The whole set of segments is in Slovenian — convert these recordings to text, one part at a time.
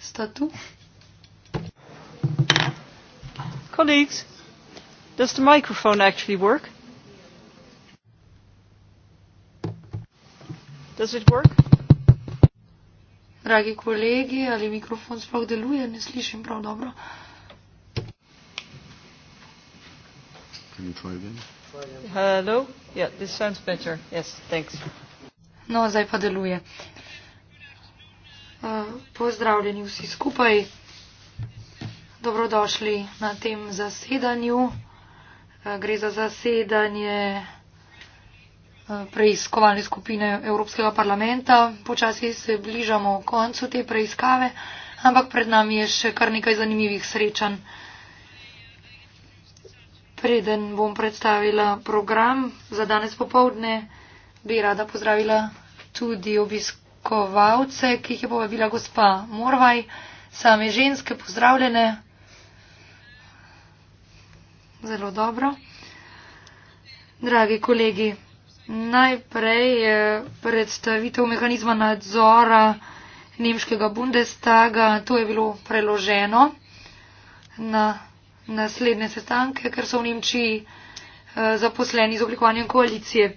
statu. Colleagues, does the microphone actually work? Does it work? Dragi kolegi, ali mikrofon sploh deluje? Ne slišim prav dobro. Hello? Yeah, this sounds better. Yes, thanks. No, zdaj pa deluje. Uh, pozdravljeni vsi skupaj, dobrodošli na tem zasedanju. Uh, gre za zasedanje uh, preiskovalne skupine Evropskega parlamenta. Počasi se bližamo koncu te preiskave, ampak pred nami je še kar nekaj zanimivih srečanj. Preden bom predstavila program za danes popovdne, bi rada pozdravila tudi obisk kovalce, ki jih je povabila gospa Morvaj, same ženske pozdravljene. Zelo dobro. Dragi kolegi, najprej je eh, predstavitev mehanizma nadzora nemškega Bundestaga, to je bilo preloženo na naslednje sestanke, ker so v Nemčiji eh, zaposleni z oblikovanjem koalicije.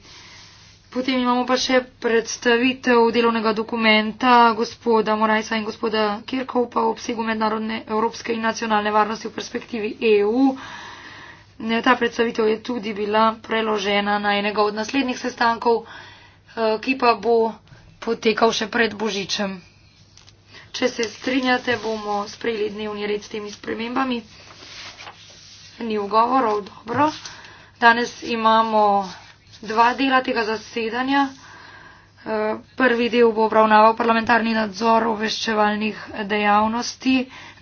Potem imamo pa še predstavitev delovnega dokumenta gospoda Morajsa in gospoda Kirkovpa v obsegu mednarodne evropske in nacionalne varnosti v perspektivi EU. Ne, ta predstavitev je tudi bila preložena na enega od naslednjih sestankov, eh, ki pa bo potekal še pred Božičem. Če se strinjate, bomo sprejeli dnevni red s temi spremembami. Ni ugovorov, dobro. Danes imamo dva dela tega zasedanja. Eh, prvi del bo obravnaval parlamentarni nadzor obveščevalnih dejavnosti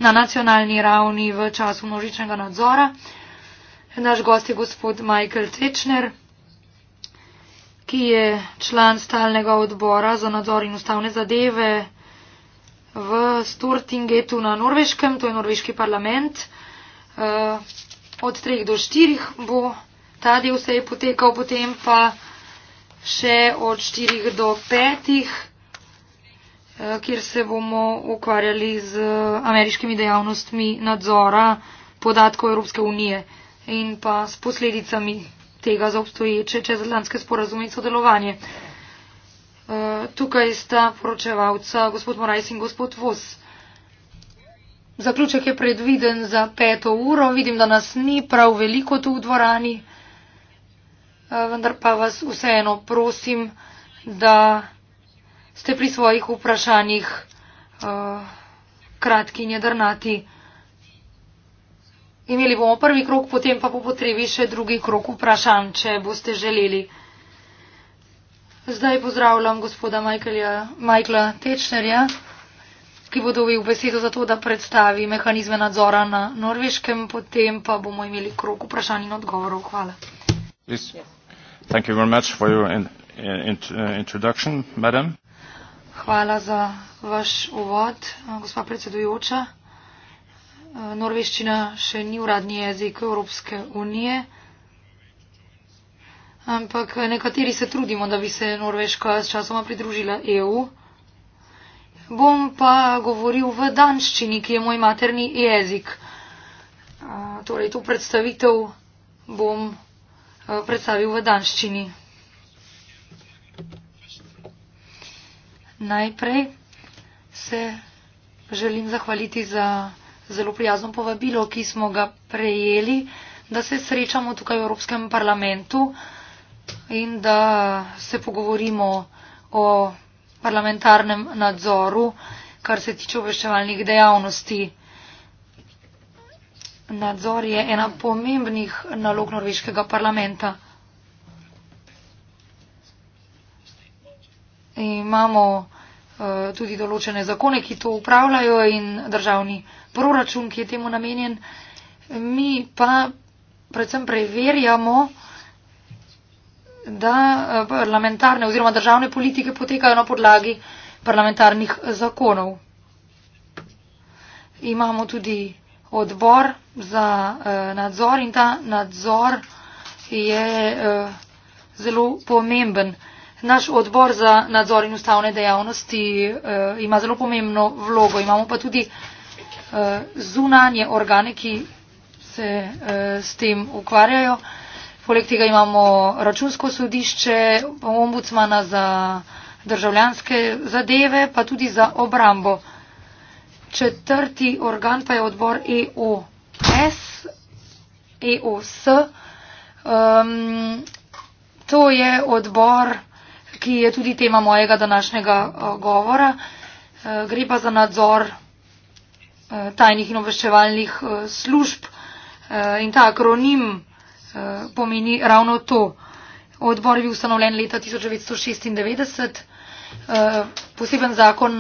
na nacionalni ravni v času množičnega nadzora. Naš gost je gospod Michael Tečner, ki je član stalnega odbora za nadzor in ustavne zadeve v Stortingetu na Norveškem, to je norveški parlament. Eh, od 3 do 4 bo Ta del se je potekal potem pa še od 4 do 5, eh, kjer se bomo ukvarjali z eh, ameriškimi dejavnostmi nadzora podatkov Evropske unije in pa s posledicami tega za obstoječe čezatlantske sporazume in sodelovanje. Eh, tukaj sta poročevalca gospod Morajs in gospod Vos. Zaključek je predviden za peto uro. Vidim, da nas ni prav veliko tu v dvorani. Eh, vendar pa vas vseeno prosim, da ste pri svojih vprašanjih eh, kratki in jedrnati. Imeli bomo prvi krok, potem pa po potrebi še drugi krok vprašanj, če boste želeli. Zdaj pozdravljam gospoda Michaelja, Michaela Tečnerja, ki bo dobil besedo za to, da predstavi mehanizme nadzora na norveškem, potem pa bomo imeli krok vprašanj in odgovorov. Hvala. Yes. Yes. Thank you very much for your in, in, uh, introduction, madam. Hvala za vaš uvod, uh, gospa predsedujoča. Uh, norveščina še ni uradni jezik Evropske unije, ampak nekateri se trudimo, da bi se Norveška s časoma pridružila EU. Bom pa govoril v danščini, ki je moj materni jezik. Uh, torej, to predstavitev bom Eh, predstavil v danščini. Najprej se želim zahvaliti za zelo prijazno povabilo, ki smo ga prejeli, da se srečamo tukaj v Evropskem parlamentu in da se pogovorimo o parlamentarnem nadzoru, kar se tiče obveščevalnih dejavnosti nadzor je ena pomembnih nalog norveškega parlamenta. Imamo uh, tudi določene zakone, ki to upravljajo in državni proračun, ki je temu namenjen. Mi pa predvsem preverjamo, da eh, parlamentarne oziroma državne politike potekajo na podlagi parlamentarnih zakonov. Imamo tudi odbor za eh, nadzor in ta nadzor je eh, zelo pomemben. Naš odbor za nadzor in ustavne dejavnosti eh, ima zelo pomembno vlogo. Imamo pa tudi zunanje organe, ki se s tem ukvarjajo. Poleg tega imamo računsko sodišče, ombudsmana za državljanske zadeve, pa tudi za obrambo. Četrti organ pa je odbor EOS. EOS. Um, to je odbor, ki je tudi tema mojega današnjega uh, govora. Uh, gre pa za nadzor uh, tajnih in obveščevalnih uh, služb uh, in ta akronim uh, pomeni ravno to. Odbor je bil ustanovljen leta 1996. Eh, poseben zakon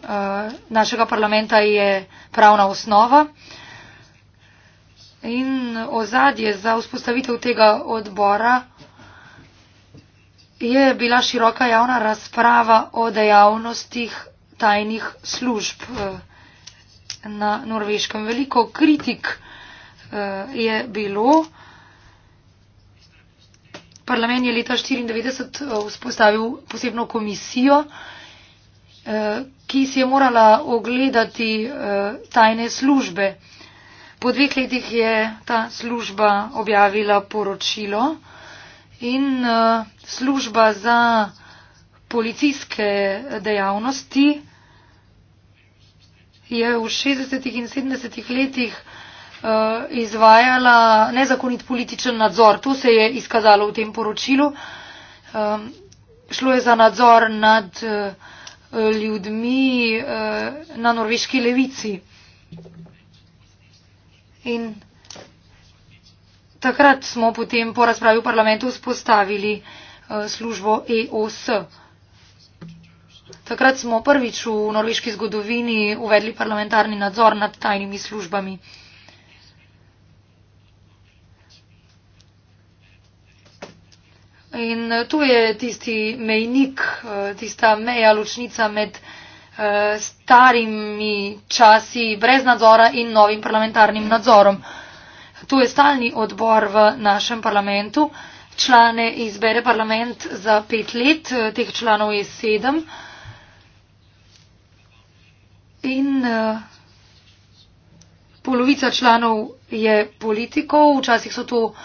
eh, našega parlamenta je pravna osnova. In ozadje za vzpostavitev tega odbora je bila široka javna razprava o dejavnostih tajnih služb eh, na norveškem. Veliko kritik je bilo. Parlament je leta 1994 eh, vzpostavil posebno komisijo, eh, ki si je morala ogledati eh, tajne službe. Po dveh letih je ta služba objavila poročilo in služba za policijske dejavnosti je v 60. in 70. letih Eh, izvajala nezakonit političen nadzor. To se je izkazalo v tem poročilu. Šlo je za nadzor nad eh, ljudmi eh, na norveški levici. In takrat smo potem po razpravi v parlamentu vzpostavili službo EOS. Takrat smo prvič v norveški zgodovini uvedli parlamentarni nadzor nad tajnimi službami. In eh, tu je tisti mejnik, eh, tista meja, ločnica med eh, starimi časi brez nadzora in novim parlamentarnim nadzorom. Tu je stalni odbor v našem parlamentu. Člane izbere parlament za pet let, teh članov je sedem. In uh, polovica članov je politikov, včasih so to uh,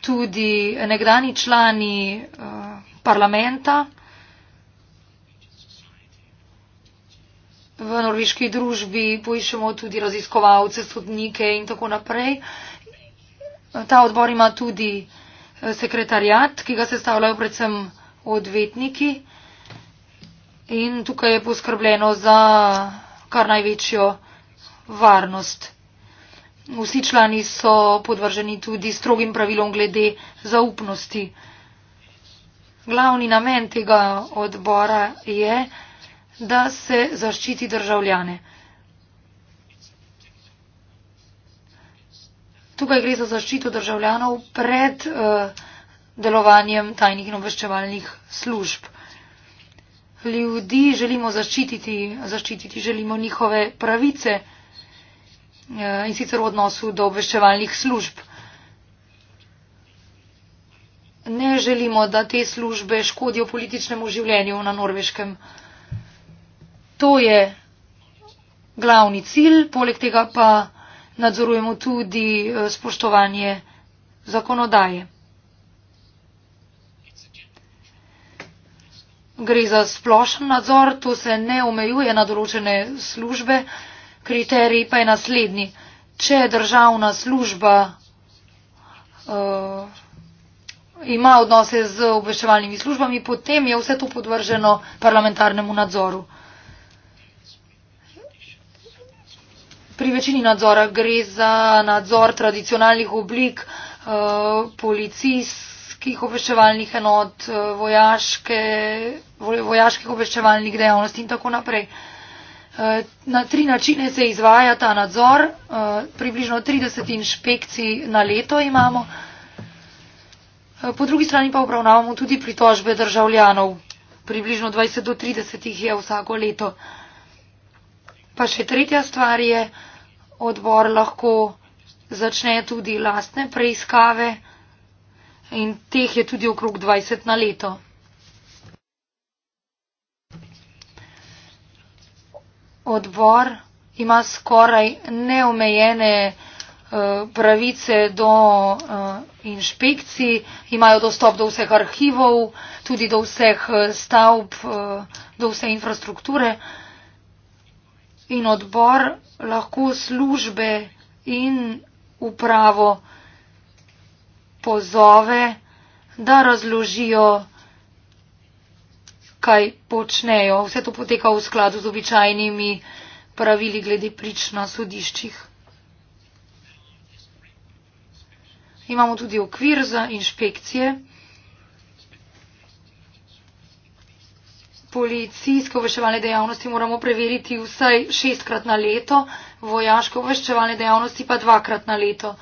tudi nekdani člani eh, parlamenta v norviški družbi, poiščemo tudi raziskovalce, sodnike in tako naprej. Ta odbor ima tudi eh, sekretarjat, ki ga sestavljajo predvsem odvetniki in tukaj je poskrbljeno za kar največjo varnost. Vsi člani so podvrženi tudi strogim pravilom glede zaupnosti. Glavni namen tega odbora je, da se zaščiti državljane. Tukaj gre za zaščito državljanov pred uh, delovanjem tajnih in obveščevalnih služb. Ljudi želimo zaščititi, zaščititi želimo njihove pravice. Eh, in sicer v odnosu do obveščevalnih služb. Ne želimo, da te službe škodijo političnemu življenju na norveškem. To je glavni cilj, poleg tega pa nadzorujemo tudi eh, spoštovanje zakonodaje. Gre za splošen nadzor, to se ne omejuje na določene službe, Kriterij pa je naslednji. Če je državna služba uh, ima odnose z obveščevalnimi službami, potem je vse to podvrženo parlamentarnemu nadzoru. Pri večini nadzora gre za nadzor tradicionalnih oblik uh, policijskih obveščevalnih enot, eh, vojaške, vojaških obveščevalnih dejavnosti in tako naprej. Uh, Eh, na tri načine se izvaja ta nadzor, eh, približno 30 inšpekcij na leto imamo. Eh, po drugi strani pa obravnavamo tudi pritožbe državljanov, približno 20 do 30 jih je vsako leto. Pa še tretja stvar je, odbor lahko začne tudi lastne preiskave in teh je tudi okrog 20 na leto. odbor ima skoraj neomejene eh, pravice do eh, inšpekcij, imajo dostop do vseh arhivov, tudi do vseh eh, stavb, do vse infrastrukture. In odbor lahko službe in upravo pozove, da razložijo, kaj počnejo. Vse to poteka v skladu z običajnimi pravili glede prič na sodiščih. Imamo tudi okvir za inšpekcije. Policijske obveščevalne dejavnosti moramo preveriti vsaj šestkrat na leto, vojaške obveščevalne dejavnosti pa dvakrat na leto.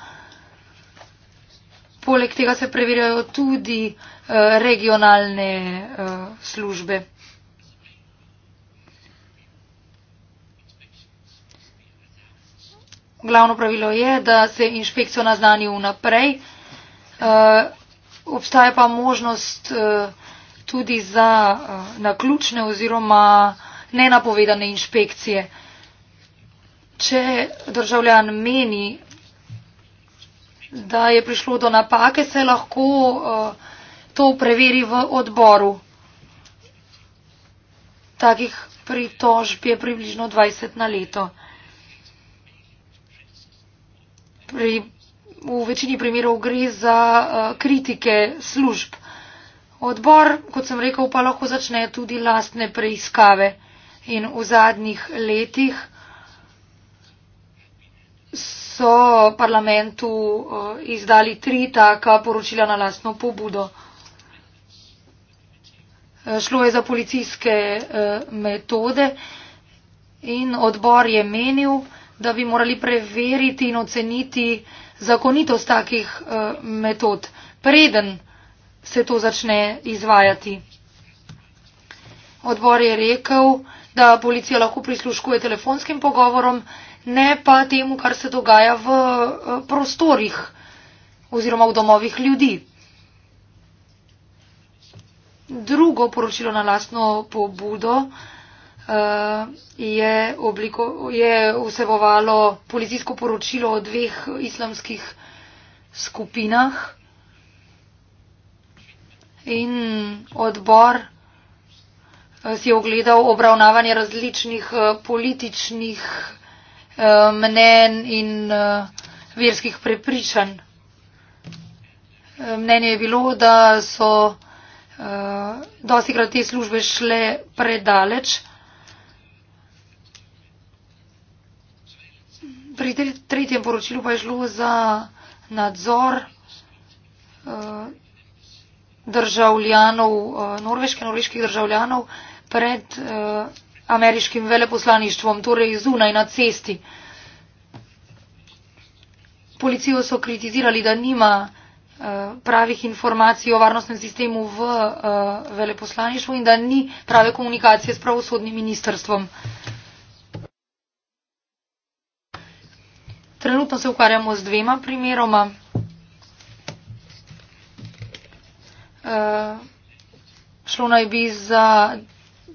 Poleg tega se preverjajo tudi Eh, regionalne eh, službe. Glavno pravilo je, da se inšpekcijo naznani vnaprej. Eh, obstaja pa možnost tudi za naključne oziroma nenapovedane inšpekcije. Če državljan meni, da je prišlo do napake, se lahko uh, to preveri v odboru. Takih pritožb je približno 20 na leto. Pri, v večini primerov gre za uh, kritike služb. Odbor, kot sem rekel, pa lahko začne tudi lastne preiskave. In v zadnjih letih so parlamentu uh, izdali tri taka poročila na lastno pobudo. Eh, šlo je za policijske eh, metode in odbor je menil, da bi morali preveriti in oceniti zakonitost takih eh, metod, preden se to začne izvajati. Odbor je rekel, da policija lahko prisluškuje telefonskim pogovorom, ne pa temu, kar se dogaja v prostorih oziroma v domovih ljudi drugo poročilo na lastno pobudo eh, je, obliko, je vsebovalo policijsko poročilo o dveh islamskih skupinah in odbor eh, si je ogledal obravnavanje različnih eh, političnih mnen in verskih prepričanj. Mnenje je bilo, da so dosti krat te službe šle predaleč. Pri tretjem poročilu pa je šlo za nadzor eh, državljanov, eh, norveške, norveških državljanov pred eh, ameriškim veleposlaništvom, torej zunaj na cesti. Policijo so kritizirali, da nima Eh, pravih informacij o varnostnem sistemu v uh, veleposlaništvu in da ni prave komunikacije s pravosodnim ministrstvom. Trenutno se ukvarjamo z dvema primeroma. Uh, šlo naj bi za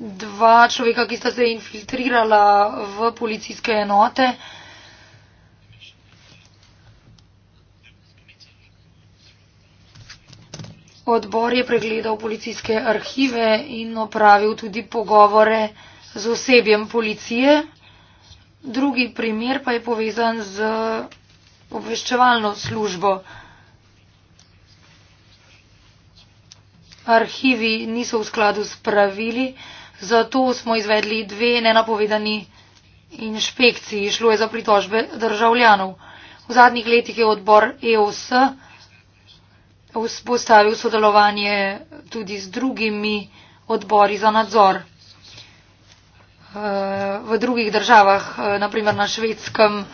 dva človeka, ki sta se infiltrirala v policijske enote. Uh, Odbor je pregledal policijske arhive in opravil tudi pogovore z osebjem policije. Drugi primer pa je povezan z obveščevalno službo. Arhivi niso v skladu s pravili, zato smo izvedli dve nenapovedani inšpekciji. Šlo je za pritožbe državljanov. V zadnjih letih je odbor EOS vzpostavil sodelovanje tudi z drugimi odbori za nadzor. Eh, v drugih državah, eh, naprimer na švedskem, eh,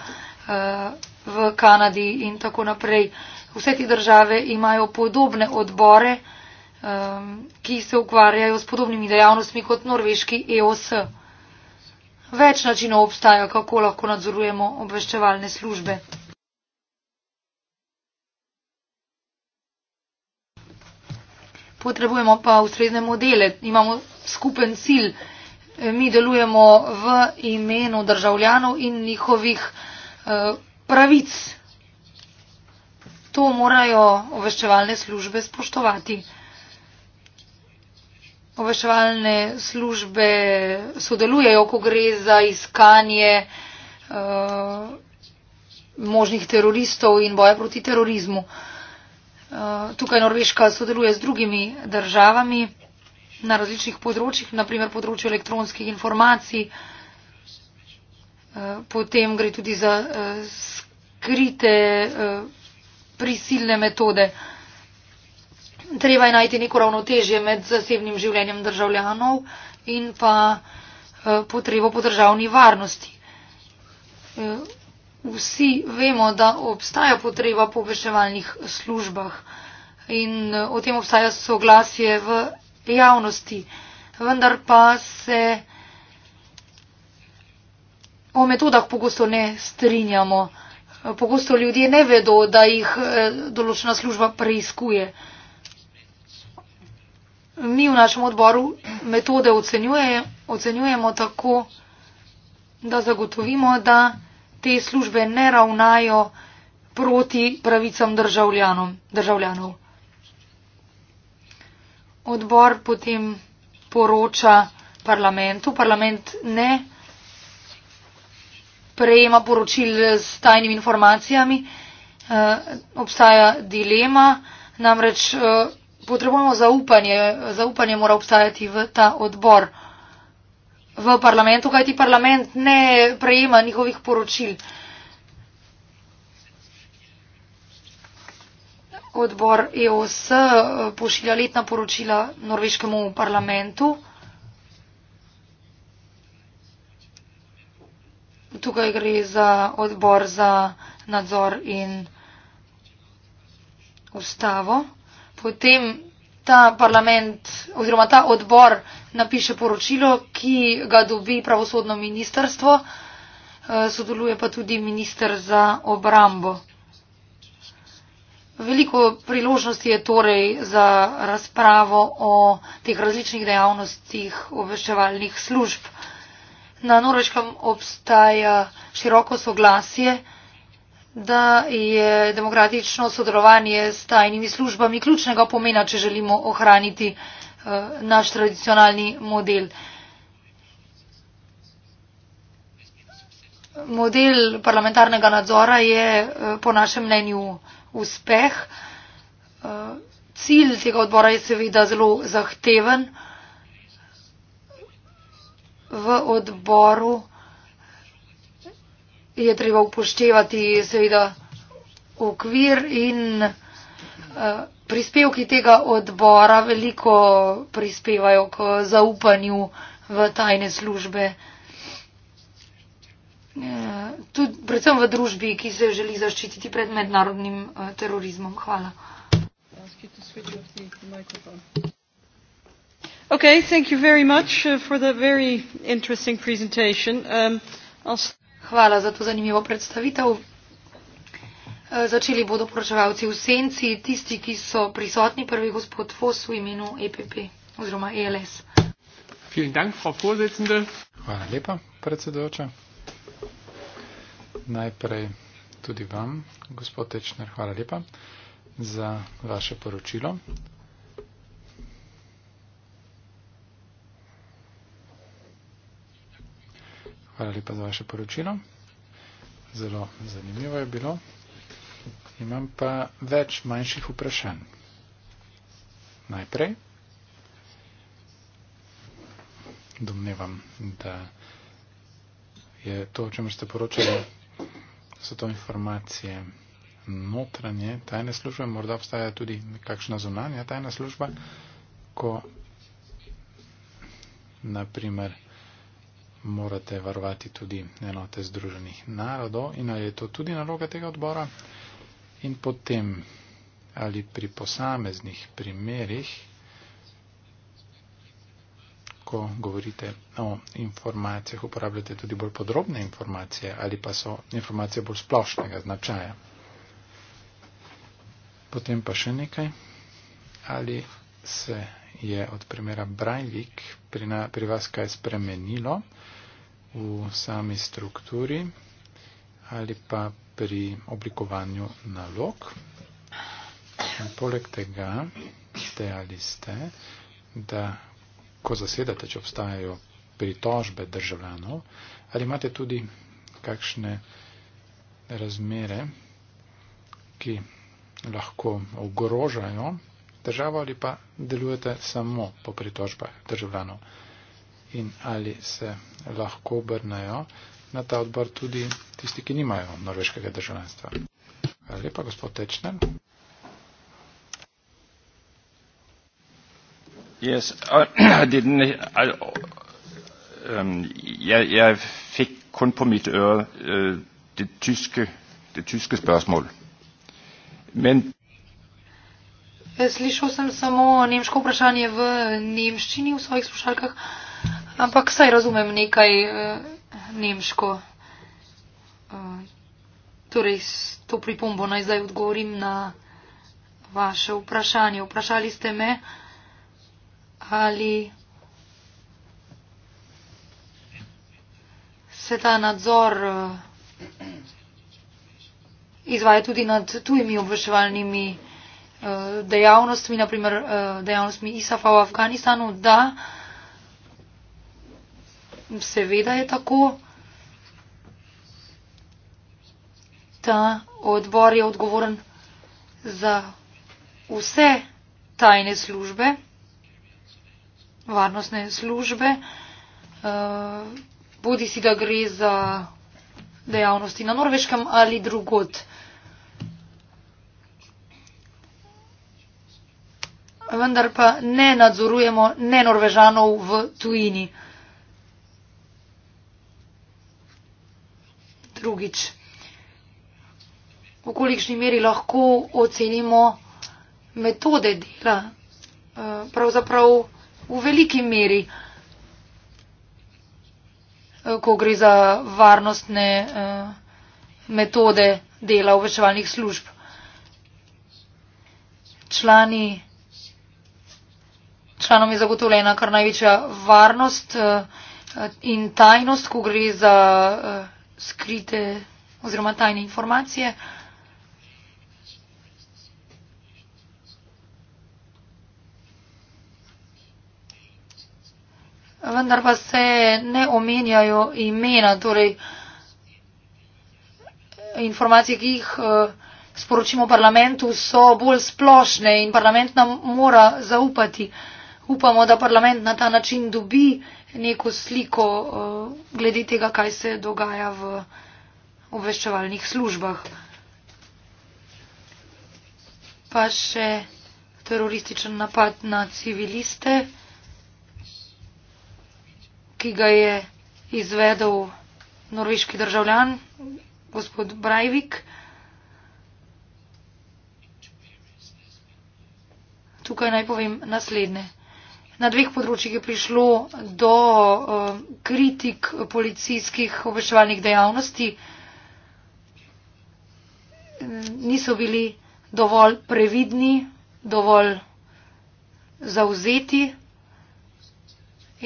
v Kanadi in tako naprej. Vse te države imajo podobne odbore, ki se ukvarjajo s podobnimi dejavnostmi kot norveški EOS. Več načinov obstaja, kako lahko nadzorujemo obveščevalne službe. potrebujemo pa ustrezne modele, imamo skupen cilj. E, mi delujemo v imenu državljanov in njihovih e, pravic. To morajo obveščevalne službe spoštovati. Obveščevalne službe sodelujejo, ko gre za iskanje uh, možnih teroristov in boja proti terorizmu. Uh, Eh, tukaj Norveška sodeluje z drugimi državami na različnih področjih, naprimer področju elektronskih informacij. Eh, potem gre tudi za eh, skrite prisilne metode. Treba je najti neko ravnotežje med zasebnim življenjem državljanov in pa potrebo po državni varnosti vsi vemo, da obstaja potreba po obveščevalnih službah in eh, o tem obstaja soglasje v javnosti. Vendar pa se o metodah pogosto ne strinjamo. Pogosto ljudje ne vedo, da jih eh, določena služba preiskuje. Mi v našem odboru metode ocenjuje, ocenjujemo tako, da zagotovimo, da te službe ne ravnajo proti pravicam državljanov. Odbor potem poroča parlamentu, parlament ne prejema poročil s tajnimi informacijami, e, obstaja dilema, namreč e, potrebujemo zaupanje, zaupanje mora obstajati v ta odbor v parlamentu, kajti parlament ne prejema njihovih poročil. Odbor EOS eh, pošilja letna poročila norveškemu parlamentu. Tukaj gre za odbor za nadzor in ustavo. Potem ta parlament oziroma ta odbor napiše poročilo, ki ga dobi pravosodno ministerstvo, eh, sodeluje pa tudi minister za obrambo. Veliko priložnosti je torej za razpravo o teh različnih dejavnostih obveščevalnih služb. Na Norveškem obstaja široko soglasje, da je demokratično sodelovanje s tajnimi službami ključnega pomena, če želimo ohraniti Eh, naš tradicionalni model. Model parlamentarnega nadzora je eh, po našem mnenju uspeh. Eh, cilj tega odbora je seveda zelo zahteven. V odboru je treba upoštevati seveda okvir in uh, prispevki tega odbora veliko prispevajo k zaupanju v tajne službe. Tud, predvsem v družbi, ki se želi zaščititi pred mednarodnim eh, terorizmom. Hvala. Okay, thank you very much eh, for the very interesting presentation. Um, Hvala za to zanimivo predstavitev. Eh, začeli bodo poročevalci v senci, tisti, ki so prisotni, prvi gospod Fos v imenu EPP oziroma e ELS. Dank, Hvala lepa, predsedujoča. Najprej tudi vam, gospod Tečner, hvala lepa za vaše poročilo. Hvala lepa za vaše poročilo. Zelo zanimivo je bilo. Imam pa več manjših vprašanj. Najprej domnevam, da je to, o čemer ste poročali, da so to informacije notranje tajne službe, morda obstaja tudi kakšna zunanja tajna služba, ko naprimer morate varovati tudi enote Združenih narodov in ali je to tudi naloga tega odbora in potem ali pri posameznih primerih, ko govorite o informacijah, uporabljate tudi bolj podrobne informacije ali pa so informacije bolj splošnega značaja. Potem pa še nekaj, ali se je od primera Brajlik pri, na, pri vas kaj spremenilo v sami strukturi ali pa pri oblikovanju nalog. In poleg tega ste ali ste, da ko zasedate, če obstajajo pritožbe državljanov, ali imate tudi kakšne razmere, ki lahko ogrožajo državo ali pa delujete samo po pritožbah državljanov in ali se lahko obrnajo na ta odbor tudi tisti, ki nimajo norveškega državljanstva. Hvala lepa, gospod Tečner. Yes, I I, um, jeg, ja, jeg ja, fikk kun på mitt øre uh, det, tyske, det tyske spørsmål. Men eh, Slišal sem samo nemško vprašanje v nemščini v svojih slušalkah, ampak saj razumem nekaj. Uh, nemško. Eh, torej, to pripombo naj zdaj odgovorim na vaše vprašanje. Vprašali ste me, ali se ta nadzor eh, izvaja tudi nad tujimi obveševalnimi eh, dejavnostmi, naprimer dejavnostmi ISAF-a v Afganistanu, da seveda je tako. Ta odbor je odgovoren za vse tajne službe, varnostne službe, eh, bodi si da gre za dejavnosti na norveškem ali drugot. Vendar pa ne nadzorujemo ne norvežanov v tujini. drugič. V kolikšni meri lahko ocenimo metode dela? Eh, pravzaprav v veliki meri, eh, ko gre za varnostne eh, metode dela obveščevalnih služb. Člani, članom je zagotovljena kar največja varnost in tajnost, ko gre za skrite oziroma tajne informacije. Vendar pa se ne omenjajo imena, torej informacije, ki jih eh, sporočimo parlamentu, so bolj splošne in parlament nam mora zaupati upamo, da parlament na ta način dobi neko sliko eh, glede tega, kaj se dogaja v obveščevalnih službah. Pa še terorističen napad na civiliste, ki ga je izvedel norveški državljan, gospod Brajvik. Tukaj naj povem naslednje na dveh področjih je prišlo do eh, kritik policijskih obveščevalnih dejavnosti. Niso bili dovolj previdni, dovolj zauzeti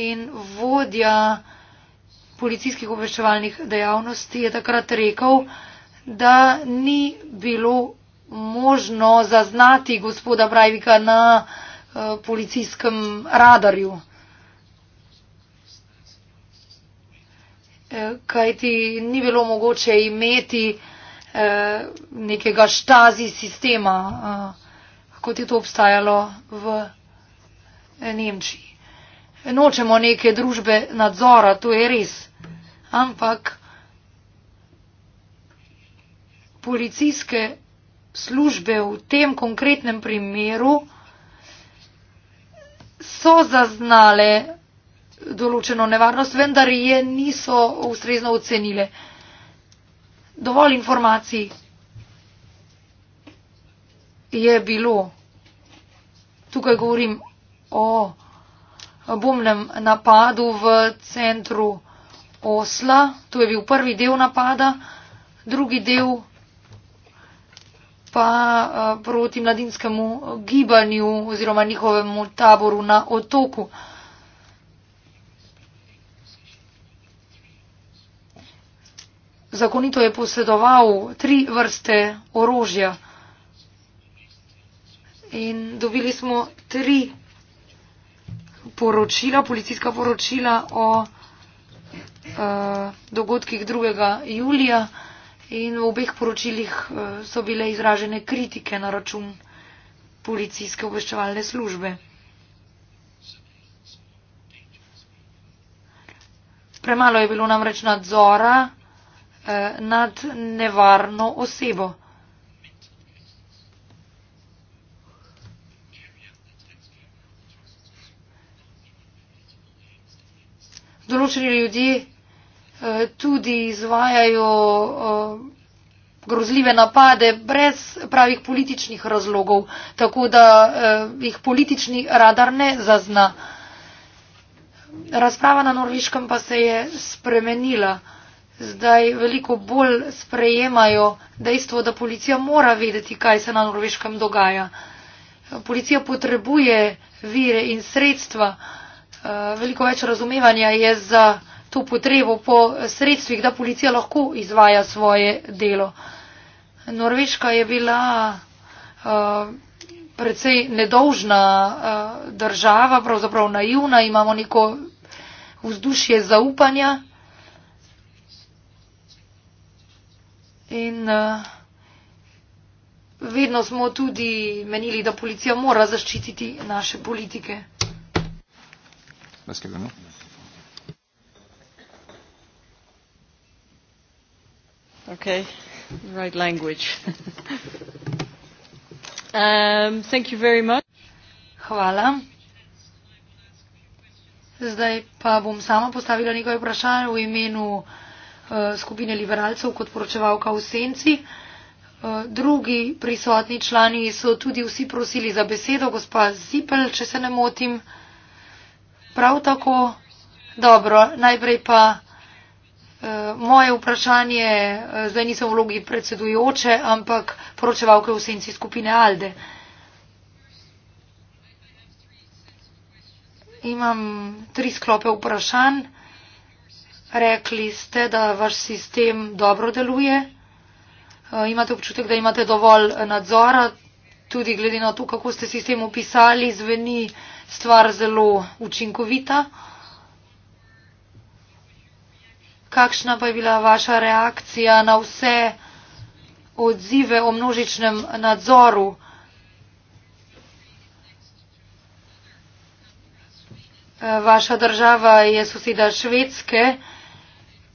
in vodja policijskih obveščevalnih dejavnosti je takrat rekel, da ni bilo možno zaznati gospoda Brajvika na uh, Eh, policijskem radarju. Eh, Kaj ti ni bilo mogoče imeti eh, nekega štazi sistema, kot je to obstajalo v Nemčiji. Nočemo neke družbe nadzora, to je res, ampak policijske službe v tem konkretnem primeru so zaznale določeno nevarnost, vendar je niso ustrezno ocenile. Dovolj informacij je bilo. Tukaj govorim o bombnem napadu v centru Osla. To je bil prvi del napada. Drugi del pa eh, proti mladinskemu eh, gibanju oziroma njihovemu taboru na otoku. Zakonito je posedoval tri vrste orožja in dobili smo tri poročila, policijska poročila o uh, dogodkih 2. julija. In v obeh poročilih eh, so bile izražene kritike na račun policijske obveščevalne službe. Premalo je bilo namreč nadzora eh, nad nevarno osebo. Določeni ljudje Eh, tudi izvajajo eh, grozljive napade brez pravih političnih razlogov, tako da eh, jih politični radar ne zazna. Razprava na Norviškem pa se je spremenila. Zdaj veliko bolj sprejemajo dejstvo, da policija mora vedeti, kaj se na Norveškem dogaja. Policija potrebuje vire in sredstva. Veliko več razumevanja je za to potrebo po sredstvih, da policija lahko izvaja svoje delo. Norveška je bila uh, eh, predvsej nedolžna uh, država, pravzaprav naivna, imamo neko vzdušje zaupanja. In uh, vedno smo tudi menili, da policija mora zaščititi naše politike. Let's give him up. Okay, right language. um, thank you very much. Hvala. Zdaj pa bom sama postavila nekaj vprašanj v imenu uh, skupine liberalcev kot poročevalka v Senci. Eh, drugi prisotni člani so tudi vsi prosili za besedo, gospa Zipel, če se ne motim. Prav tako. Dobro, najprej pa Eh, moje vprašanje, eh, zdaj nisem v vlogi predsedujoče, ampak poročevalke v senci skupine Alde. Imam tri sklope vprašanj. Rekli ste, da vaš sistem dobro deluje. Eh, imate občutek, da imate dovolj nadzora. Tudi glede na to, kako ste sistem opisali, zveni stvar zelo učinkovita kakšna pa je bila vaša reakcija na vse odzive o množičnem nadzoru? Vaša država je soseda Švedske,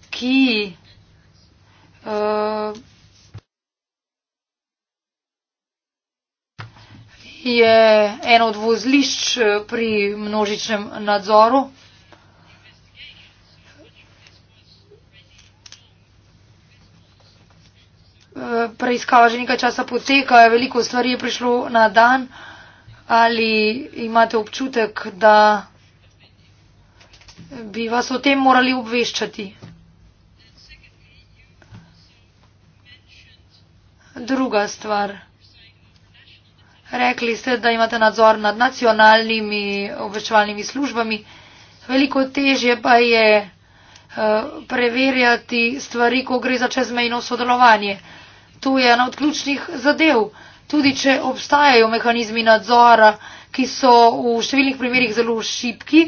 ki. Uh, je eno od vozlišč pri množičnem nadzoru. preiskava že nekaj časa poteka, veliko stvari je prišlo na dan. Ali imate občutek, da bi vas o tem morali obveščati? Druga stvar. Rekli ste, da imate nadzor nad nacionalnimi obveščevalnimi službami. Veliko težje pa je eh, preverjati stvari, ko gre za čezmejno sodelovanje. To je ena od ključnih zadev. Tudi če obstajajo mehanizmi nadzora, ki so v številnih primerjih zelo šipki,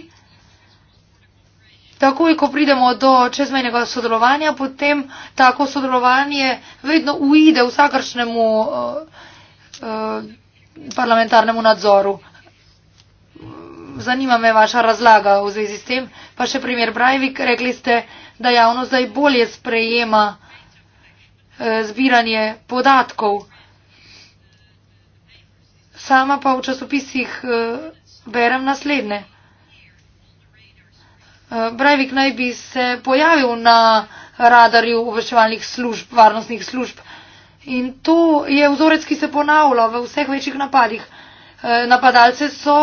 takoj, ko pridemo do čezmejnega sodelovanja, potem tako sodelovanje vedno uide vsakršnemu uh, uh, parlamentarnemu nadzoru. Zanima me vaša razlaga v zvezi s tem. Pa še primer Brajvik, rekli ste, da javnost zdaj bolje sprejema. Eh, zbiranje podatkov. Sama pa v časopisih eh, berem naslednje. Eh, Brajvik naj bi se pojavil na radarju obveščevalnih služb, varnostnih služb. In to je vzorec, ki se ponavlja v vseh večjih napadih. Napadalce so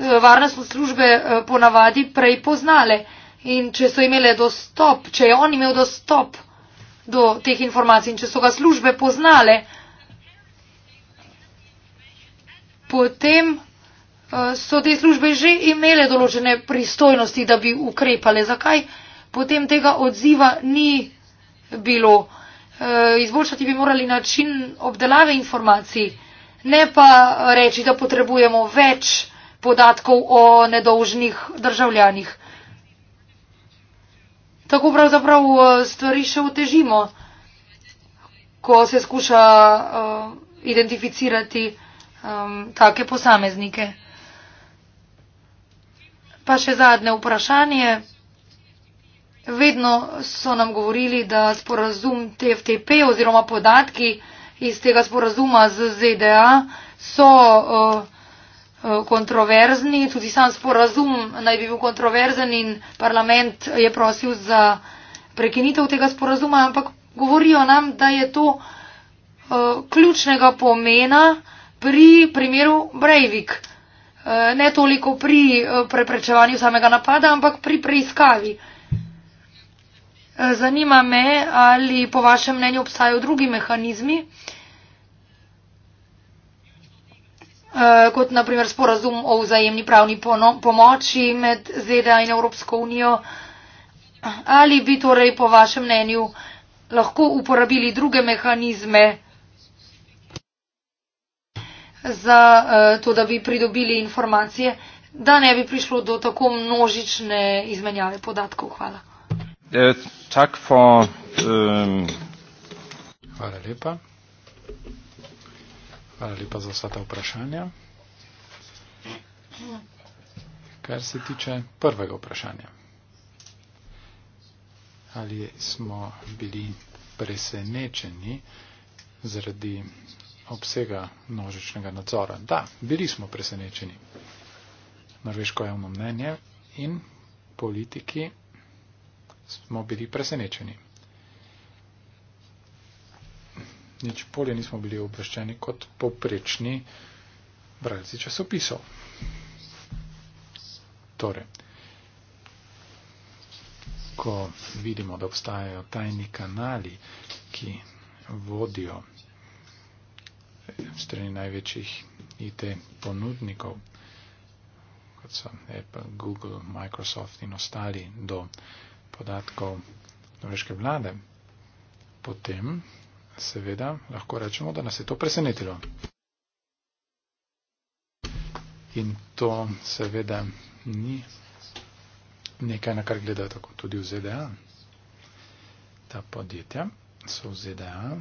varnostne službe ponavadi prej poznale. In če so imele dostop, če je on imel dostop do teh informacij. In če so ga službe poznale, potem eh, so te službe že imele določene pristojnosti, da bi ukrepale. Zakaj potem tega odziva ni bilo? Eh, izboljšati bi morali način obdelave informacij, ne pa reči, da potrebujemo več podatkov o nedolžnih državljanih tako pravzaprav eh, stvari še otežimo, ko se skuša uh, identificirati um, take posameznike. Pa še zadnje vprašanje. Vedno so nam govorili, da sporazum TFTP oziroma podatki iz tega sporazuma z ZDA so. Uh, Eh, kontroverzni, tudi sam sporazum naj bi bil kontroverzen in parlament je prosil za prekinitev tega sporazuma, ampak govorijo nam, da je to eh, ključnega pomena pri primeru Breivik. Eh, ne toliko pri preprečevanju samega napada, ampak pri preiskavi. Zanima me, ali po vašem mnenju obstajajo drugi mehanizmi, Eh, kot naprimer sporazum o vzajemni pravni pomoči med ZDA in Evropsko unijo. Ali bi torej po vašem mnenju lahko uporabili druge mehanizme za eh, to, da bi pridobili informacije, da ne bi prišlo do tako množične izmenjave podatkov? Hvala. Eh, for, um... Hvala lepa. Hvala lepa za vsa ta vprašanja. Kar se tiče prvega vprašanja. Ali smo bili presenečeni zaradi obsega množičnega nadzora? Da, bili smo presenečeni. Norveško javno mnenje in politiki smo bili presenečeni. nič bolje nismo bili obveščeni kot poprečni bralci časopisov. Torej, ko vidimo, da obstajajo tajni kanali, ki vodijo v strani največjih IT ponudnikov, kot so Apple, Google, Microsoft in ostali, do podatkov norveške vlade, potem seveda lahko rečemo, da nas je to presenetilo. In to seveda ni nekaj, na kar gledajo tako tudi v ZDA. Ta podjetja so v ZDA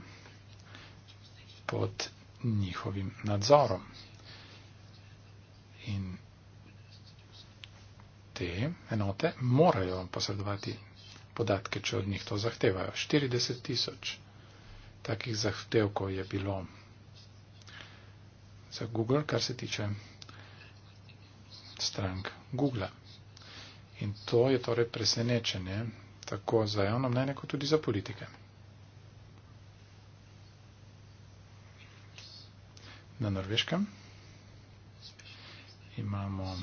pod njihovim nadzorom. In te enote morajo posredovati podatke, če od njih to zahtevajo. 40 tisoč takih zahtevkov je bilo za Google, kar se tiče strank Google. In to je torej presenečenje tako za javno mnenje, kot tudi za politike. Na norveškem imamo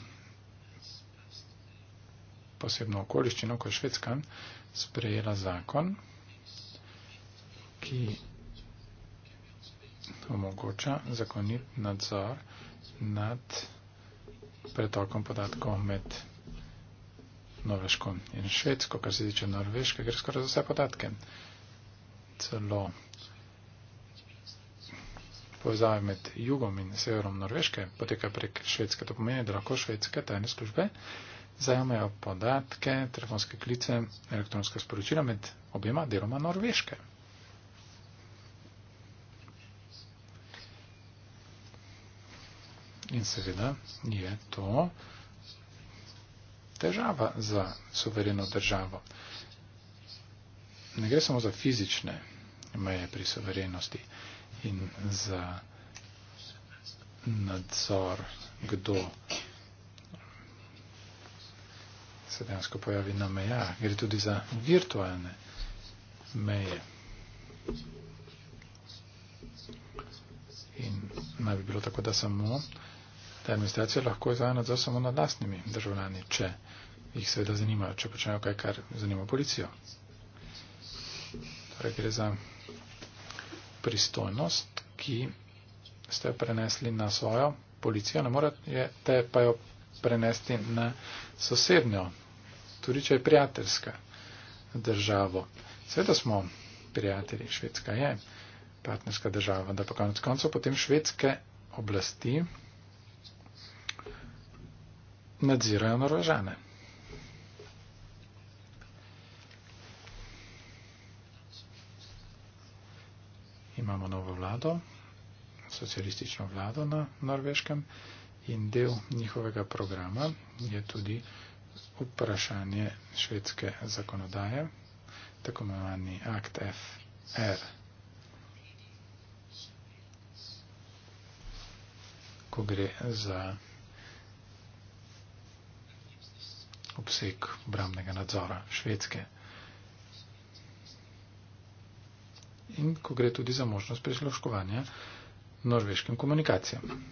posebno okoliščino, ko je Švedska sprejela zakon, ki omogoča zakonit nadzor nad pretokom podatkov med Norveško in Švedsko, kar se tiče Norveške, gre skoraj za vse podatke. Celo povezave med jugom in severom Norveške poteka prek Švedske. To pomeni, da lahko švedske tajne službe zajamejo podatke, telefonske klice, elektronske sporočila med obima deloma Norveške. In seveda je to težava za suvereno državo. Ne gre samo za fizične meje pri suverenosti in za nadzor, kdo se dejansko pojavi na mejah. Gre tudi za virtualne meje. In naj bi bilo tako, da samo. Ta administracija lahko izvaja nadzor samo nad lastnimi državljani, če jih seveda zanima, če počnejo kaj, kar zanima policijo. Torej gre za pristojnost, ki ste jo prenesli na svojo policijo, ne morete pa jo prenesti na sosednjo, tudi če je prijateljska državo. Sveda smo prijatelji, Švedska je partnerska država, da pa konec koncev potem švedske oblasti nadzirajo norvežane. Imamo novo vlado, socialistično vlado na norveškem in del njihovega programa je tudi vprašanje švedske zakonodaje, tako imenovani akt FR. Ko gre za obseg obramnega nadzora švedske. In ko gre tudi za možnost prisluškovanja norveškim komunikacijam.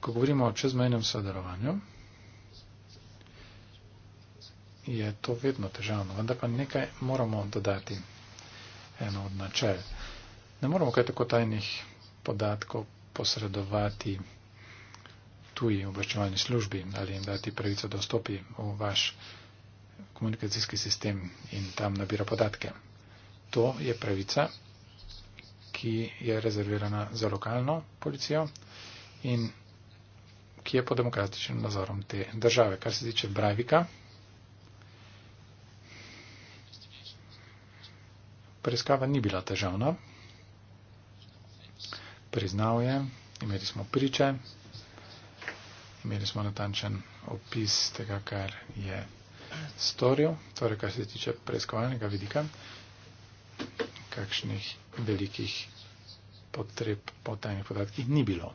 Ko govorimo o čezmejnem sodelovanju, je to vedno težavno, vendar pa nekaj moramo dodati, eno od načel. Ne moramo kaj tako tajnih podatkov posredovati tuji obveščevalni službi ali jim dati pravico dostopi v vaš komunikacijski sistem in tam nabira podatke. To je pravica, ki je rezervirana za lokalno policijo in ki je pod demokratičnim nazorom te države. Kar se tiče Brajvika, preiskava ni bila težavna. Priznal je, imeli smo priče, imeli smo natančen opis tega, kar je storil, torej kar se tiče preiskovalnega vidika, kakšnih velikih potreb po tajnih podatkih ni bilo.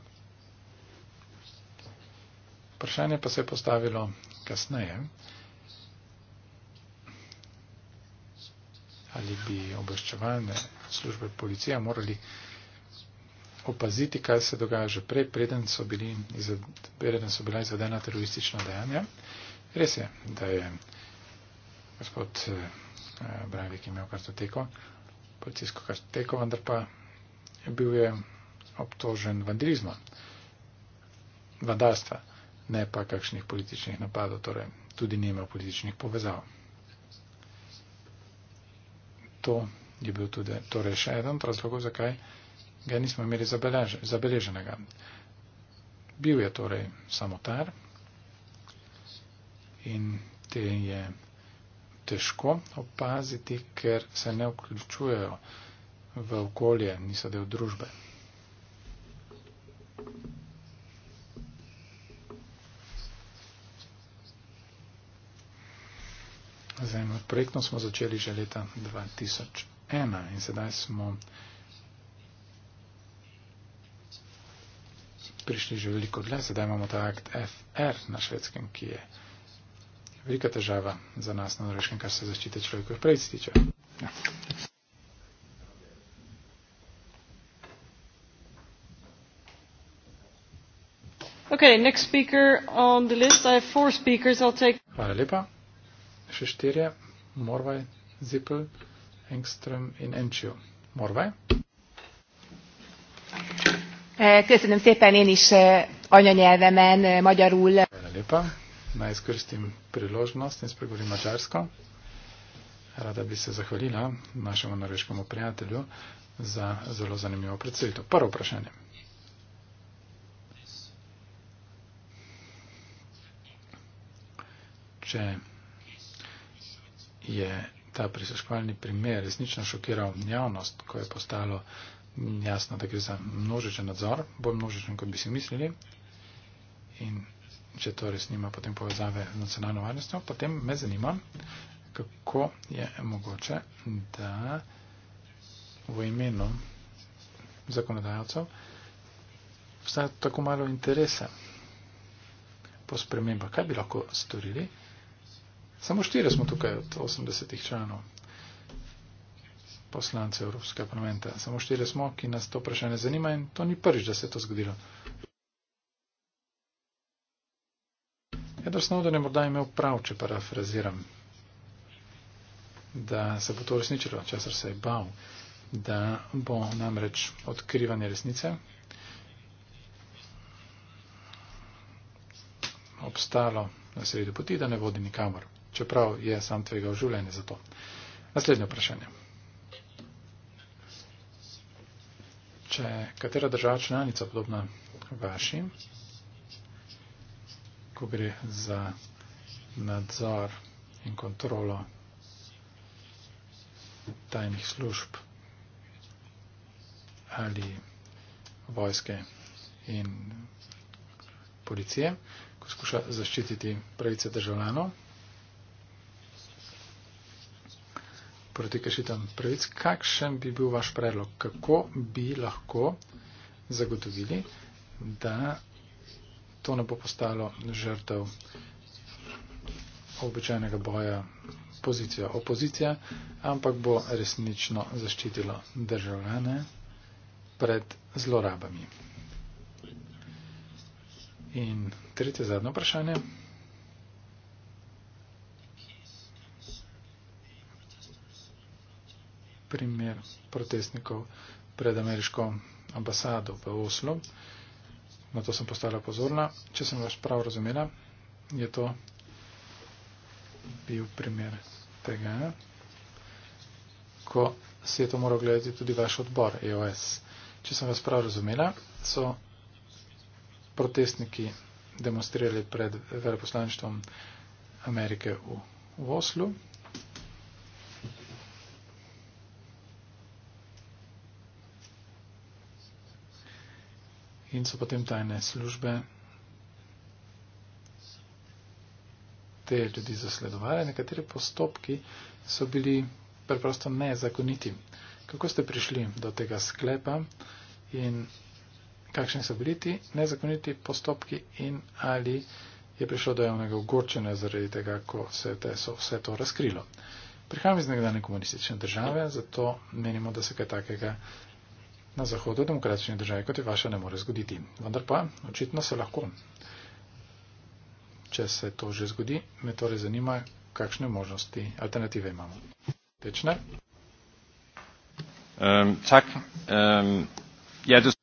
Vprašanje pa se je postavilo kasneje, ali bi obveščevalne službe policija morali opaziti, kaj se dogaja že prej, preden so, bili, preden so bila izvedena teroristična dejanja. Res je, da je gospod eh, Brajvik imel kartoteko, policijsko kartoteko, vendar pa je bil je obtožen vandalizma, vandalstva, ne pa kakšnih političnih napadov, torej tudi ni imel političnih povezav. To je bil tudi torej še eden razlog, zakaj ga nismo imeli zabeleženega. Bil je torej samotar in te je težko opaziti, ker se ne vključujejo v okolje, niso del družbe. Zdaj, projektno smo začeli že leta 2001 in sedaj smo prišli že veliko dlje, sedaj imamo ta akt FR na švedskem, ki je velika težava za nas na norveškem, kar se zaščite človekovih pravic tiče. Ja. Okay, next speaker on the list. I have four speakers. I'll take. Hvala lepa. Še štirje. Morvaj, Zippel, Engström in Enčio. Morvaj. Eh, köszönöm szépen én is eh, anyanyelvemen eh, magyarul Na iskoristim priložnost in spregovorim mačarsko. Rada bi se zahvalila našemu norveškemu prijatelju za zelo zanimivo predstavitev. Prvo vprašanje. Če je ta prisluškovalni primer resnično šokiral javnost, ko je postalo jasno, da gre za množičen nadzor, bolj množičen, kot bi si mislili. In če to res nima potem povezave z nacionalno varnostjo, potem me zanima, kako je mogoče, da v imenu zakonodajalcev vsaj tako malo interesa po spremembah, kaj bi lahko storili. Samo štiri smo tukaj od 80 članov poslance Evropskega parlamenta. Samo štiri smo, ki nas to vprašanje zanima in to ni prvič, da se je to zgodilo. Edward Snowden je morda imel prav, če parafraziram, da se bo to uresničilo, česar se je bal, da bo namreč odkrivanje resnice obstalo na sredi poti, da ne vodi nikamor, čeprav je sam tvegal življenje za to. Naslednje vprašanje. če katera država članica podobna vaši, ko gre za nadzor in kontrolo tajnih služb ali vojske in policije, ko skuša zaščititi pravice državljanov. proti kršitam pravic, kakšen bi bil vaš predlog, kako bi lahko zagotovili, da to ne bo postalo žrtev običajnega boja pozicija opozicija, ampak bo resnično zaščitilo državljane pred zlorabami. In tretje zadnje vprašanje. primer protestnikov pred ameriško ambasado v Oslo. Na to sem postala pozorna. Če sem vas prav razumela, je to bil primer tega, ko se je to moral gledati tudi vaš odbor EOS. Če sem vas prav razumela, so protestniki demonstrirali pred veleposlaništvom Amerike v, v Oslu. in so potem tajne službe te ljudi zasledovali. Nekateri postopki so bili preprosto nezakoniti. Kako ste prišli do tega sklepa in kakšni so bili ti nezakoniti postopki in ali je prišlo do javnega ogorčenja zaradi tega, ko se te so vse to razkrilo. Prihajam iz nekdanje komunistične države, zato menimo, da se kaj takega na zahodu demokratične države, kot je vaša, ne more zgoditi. Vendar pa, očitno se lahko. Če se to že zgodi, me torej zanima, kakšne možnosti, alternative imamo. Tečne? Um, tak, um, ja, dos-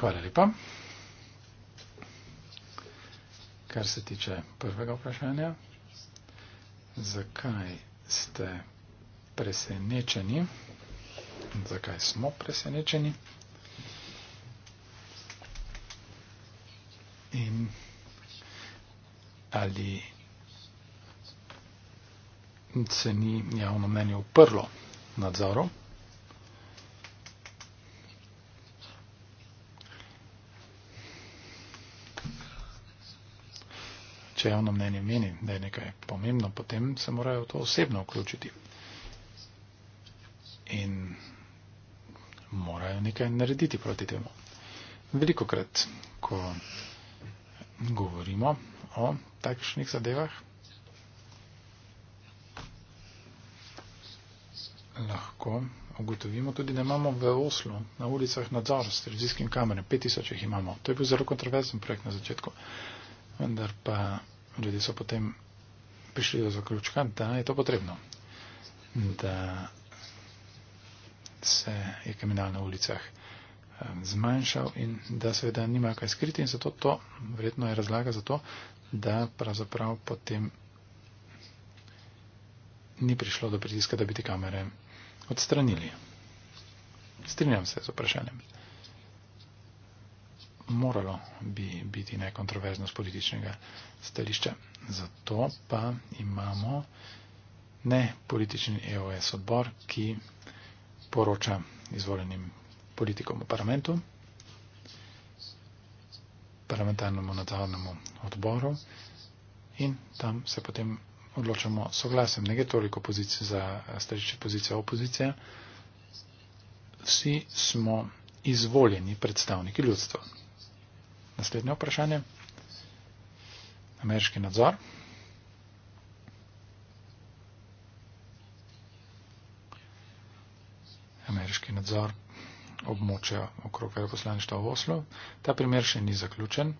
Hvala lepa. Kar se tiče prvega vprašanja, zakaj ste presenečeni, zakaj smo presenečeni? in ali se ni javno mnenje uprlo nadzoru. Če javno mnenje meni, da je nekaj pomembno, potem se morajo to osebno vključiti in morajo nekaj narediti proti temu. Veliko krat, ko govorimo o takšnih zadevah. Lahko ugotovimo tudi, da imamo v Oslu na ulicah nadzor s televizijskim kamerem. 5000 jih imamo. To je bil zelo kontroverzen projekt na začetku. Vendar pa ljudje so potem prišli do zaključka, da je to potrebno. Da se je kriminal na ulicah uh, zmanjšal in da seveda nima kaj skriti in zato to vredno je razlaga za to, da pravzaprav potem ni prišlo do pritiska, da bi te kamere odstranili. Strinjam se z vprašanjem. Moralo bi biti nekontroverzno z političnega stališča. Zato pa imamo ne politični EOS odbor, ki poroča izvoljenim politikom v parlamentu, parlamentarnemu nadzornemu odboru in tam se potem odločamo soglasem. Nekaj toliko pozicije za stališče pozicije opozicije. Vsi smo izvoljeni predstavniki ljudstva. Naslednje vprašanje. Ameriški nadzor. Ameriški nadzor območja okrog veleposlaništva v Oslo. Ta primer še ni zaključen.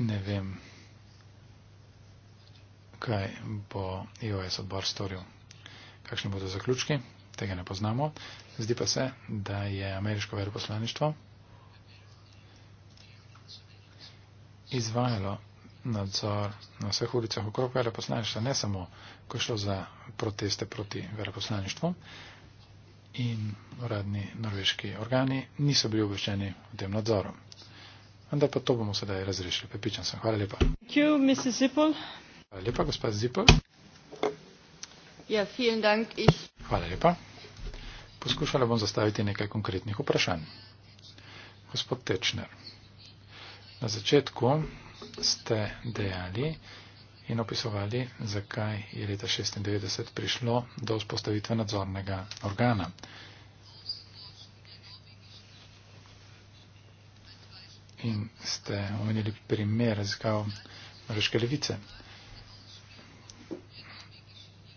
Ne vem, kaj bo EOS odbor storil, kakšni bodo zaključki, tega ne poznamo. Zdi pa se, da je ameriško veleposlaništvo izvajalo nadzor na vseh ulicah okrog veleposlaništva, ne samo, ko je šlo za proteste proti veleposlaništvu, in uradni norveški organi niso bili obveščeni v tem nadzoru. Vendar pa to bomo sedaj razrešili. Pepičan sem. Hvala lepa. You, Hvala lepa, gospod Zipol. Ja, dank, ich... Hvala lepa. Poskušala bom zastaviti nekaj konkretnih vprašanj. Gospod Tečner, na začetku ste dejali, in opisovali, zakaj je leta 1996 prišlo do vzpostavitve nadzornega organa. In ste omenili primer raziskav norveške levice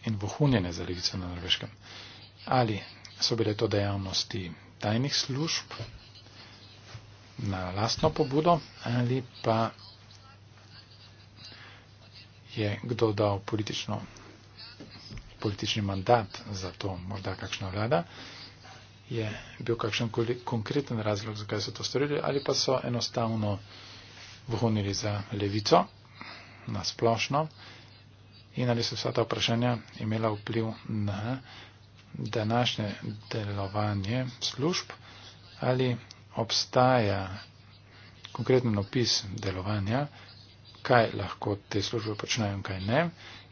in vohunjene za levico na norveškem. Ali so bile to dejavnosti tajnih služb na lastno pobudo ali pa je kdo dal politično, politični mandat za to, morda kakšna vlada, je bil kakšen konkreten razlog, zakaj so to storili, ali pa so enostavno vohunili za levico na splošno in ali so vsa ta vprašanja imela vpliv na današnje delovanje služb ali obstaja konkreten opis delovanja kaj lahko te službe počnejo in kaj ne.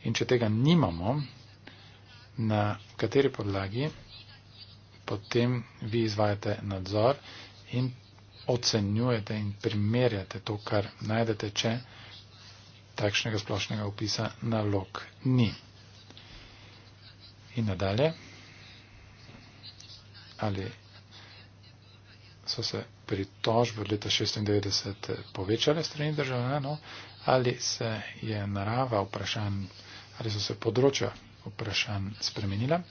In če tega nimamo, na kateri podlagi potem vi izvajate nadzor in ocenjujete in primerjate to, kar najdete, če takšnega splošnega opisa nalog ni. In nadalje, ali so se pritožbe od leta 96 povečale strani državljanov, ali se je narava vprašanj, ali so se področja vprašanj spremenila.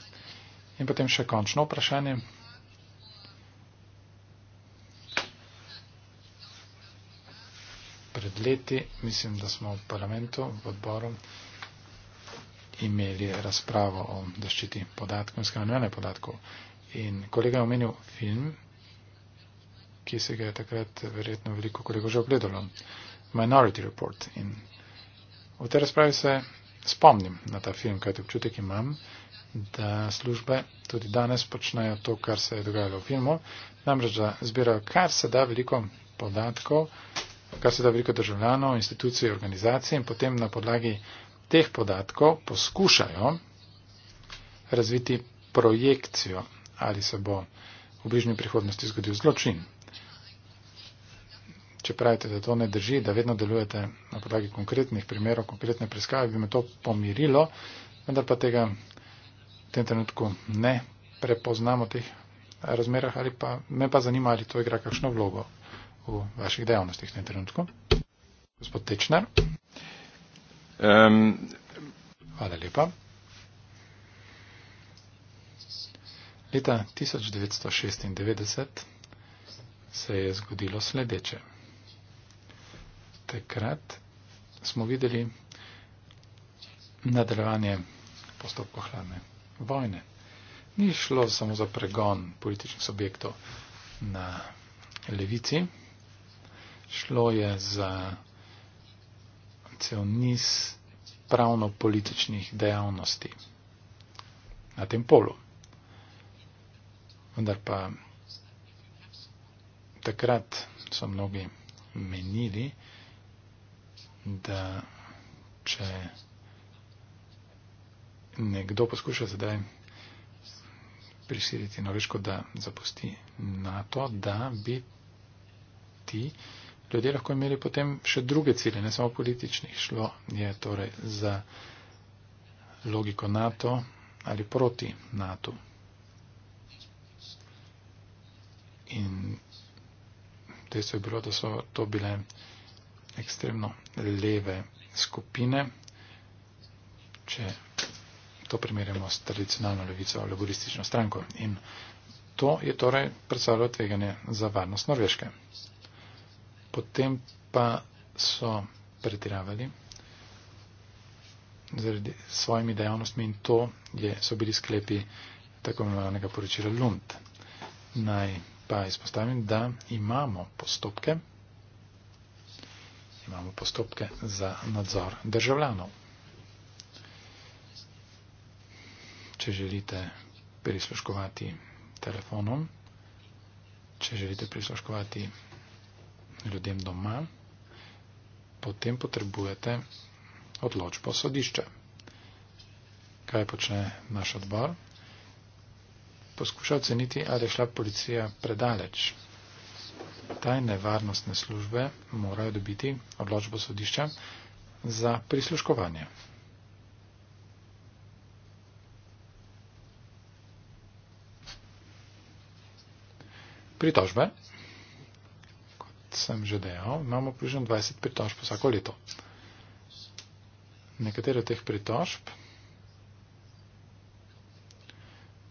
In potem še končno vprašanje. Pred leti, mislim, da smo v parlamentu, v odboru, imeli razpravo o zaščiti podatkov in skrajnovanju podatkov. In kolega je omenil film, ki se ga je takrat verjetno veliko kolego že ogledalo. Minority Report. In v tej razpravi se spomnim na ta film, kajti občutek imam, da službe tudi danes počnejo to, kar se je dogajalo v filmu, namreč da zbirajo kar se da veliko podatkov, kar se da veliko državljanov, institucij, organizacij in potem na podlagi teh podatkov poskušajo razviti projekcijo, ali se bo v bližnji prihodnosti zgodil zločin če pravite, da to ne drži, da vedno delujete na podlagi konkretnih primerov, konkretne preiskave, bi me to pomirilo, vendar pa tega v tem trenutku ne prepoznamo v teh razmerah. Pa, me pa zanima, ali to igra kakšno vlogo v vaših dejavnostih v tem trenutku. Gospod Tečner. Um, Hvala lepa. Leta 1996 se je zgodilo sledeče takrat smo videli nadaljevanje postopkov hladne vojne. Ni šlo samo za pregon političnih subjektov na levici, šlo je za cel niz pravno-političnih dejavnosti na tem polu. Vendar pa takrat so mnogi menili, da če nekdo poskuša sedaj prisiliti Norveško, da zapusti NATO, da bi ti ljudje lahko imeli potem še druge cilje, ne samo političnih. Šlo je torej za logiko NATO ali proti NATO. In dejstvo je bilo, da so to bile ekstremno leve skupine, če to primerjamo s tradicionalno levico, laboristično stranko. In to je torej predstavljalo tveganje za varnost Norveške. Potem pa so pretiravali zaradi svojimi dejavnostmi in to je, so bili sklepi tako imenovanega poročila Lund. Naj pa izpostavim, da imamo postopke imamo postopke za nadzor državljanov. Če želite prisluškovati telefonom, če želite prisluškovati ljudem doma, potem potrebujete odločbo sodišča. Kaj počne naš odbor? Poskuša oceniti, ali je šla policija predaleč tajne varnostne službe morajo dobiti odločbo sodišča za prisluškovanje. Pritožbe. Kot sem že dejal, imamo približno 20 pritožb vsako leto. Nekatere od teh pritožb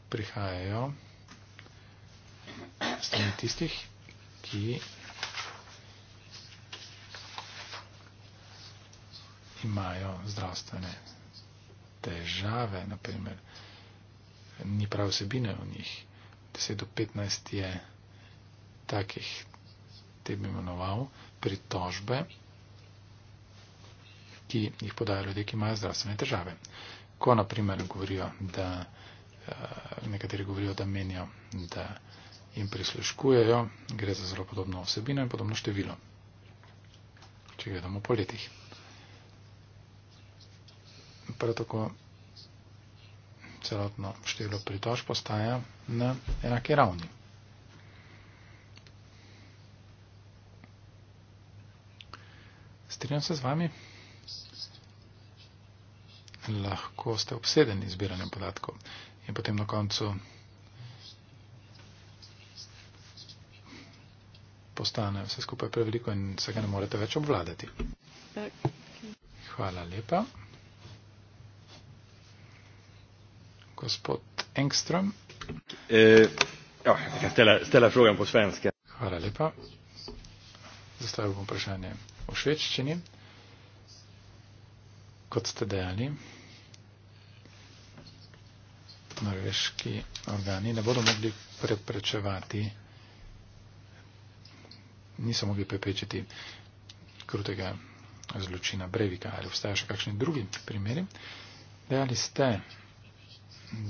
prihajajo strani tistih, ti imajo zdravstvene težave, naprimer, ni prav vsebine v njih. 10 do 15 je takih, te bi imenoval, pritožbe, ki jih podajo ljudje, ki imajo zdravstvene težave. Ko naprimer govorijo, da eh, nekateri govorijo, da menijo, da in prisluškujejo, gre za zelo podobno vsebino in podobno število. Če gledamo po letih. Prav tako celotno število pritož postaja na enake ravni. Strinjam se z vami. Lahko ste obsedeni zbiranjem podatkov in potem na koncu postane vse skupaj preveliko in se ga ne morete več obvladati. Hvala lepa. Gospod Engström. Eh, oh, ja, jag kan ställa, ställa frågan på svenska. Hvala lepa. Zastavil bom vprašanje o švedščini. Kot ste dejali, norveški organi ne bodo mogli preprečevati niso mogli preprečiti krutega zločina Brevika. Ali obstaja še kakšni drugi primeri? Dejali ste,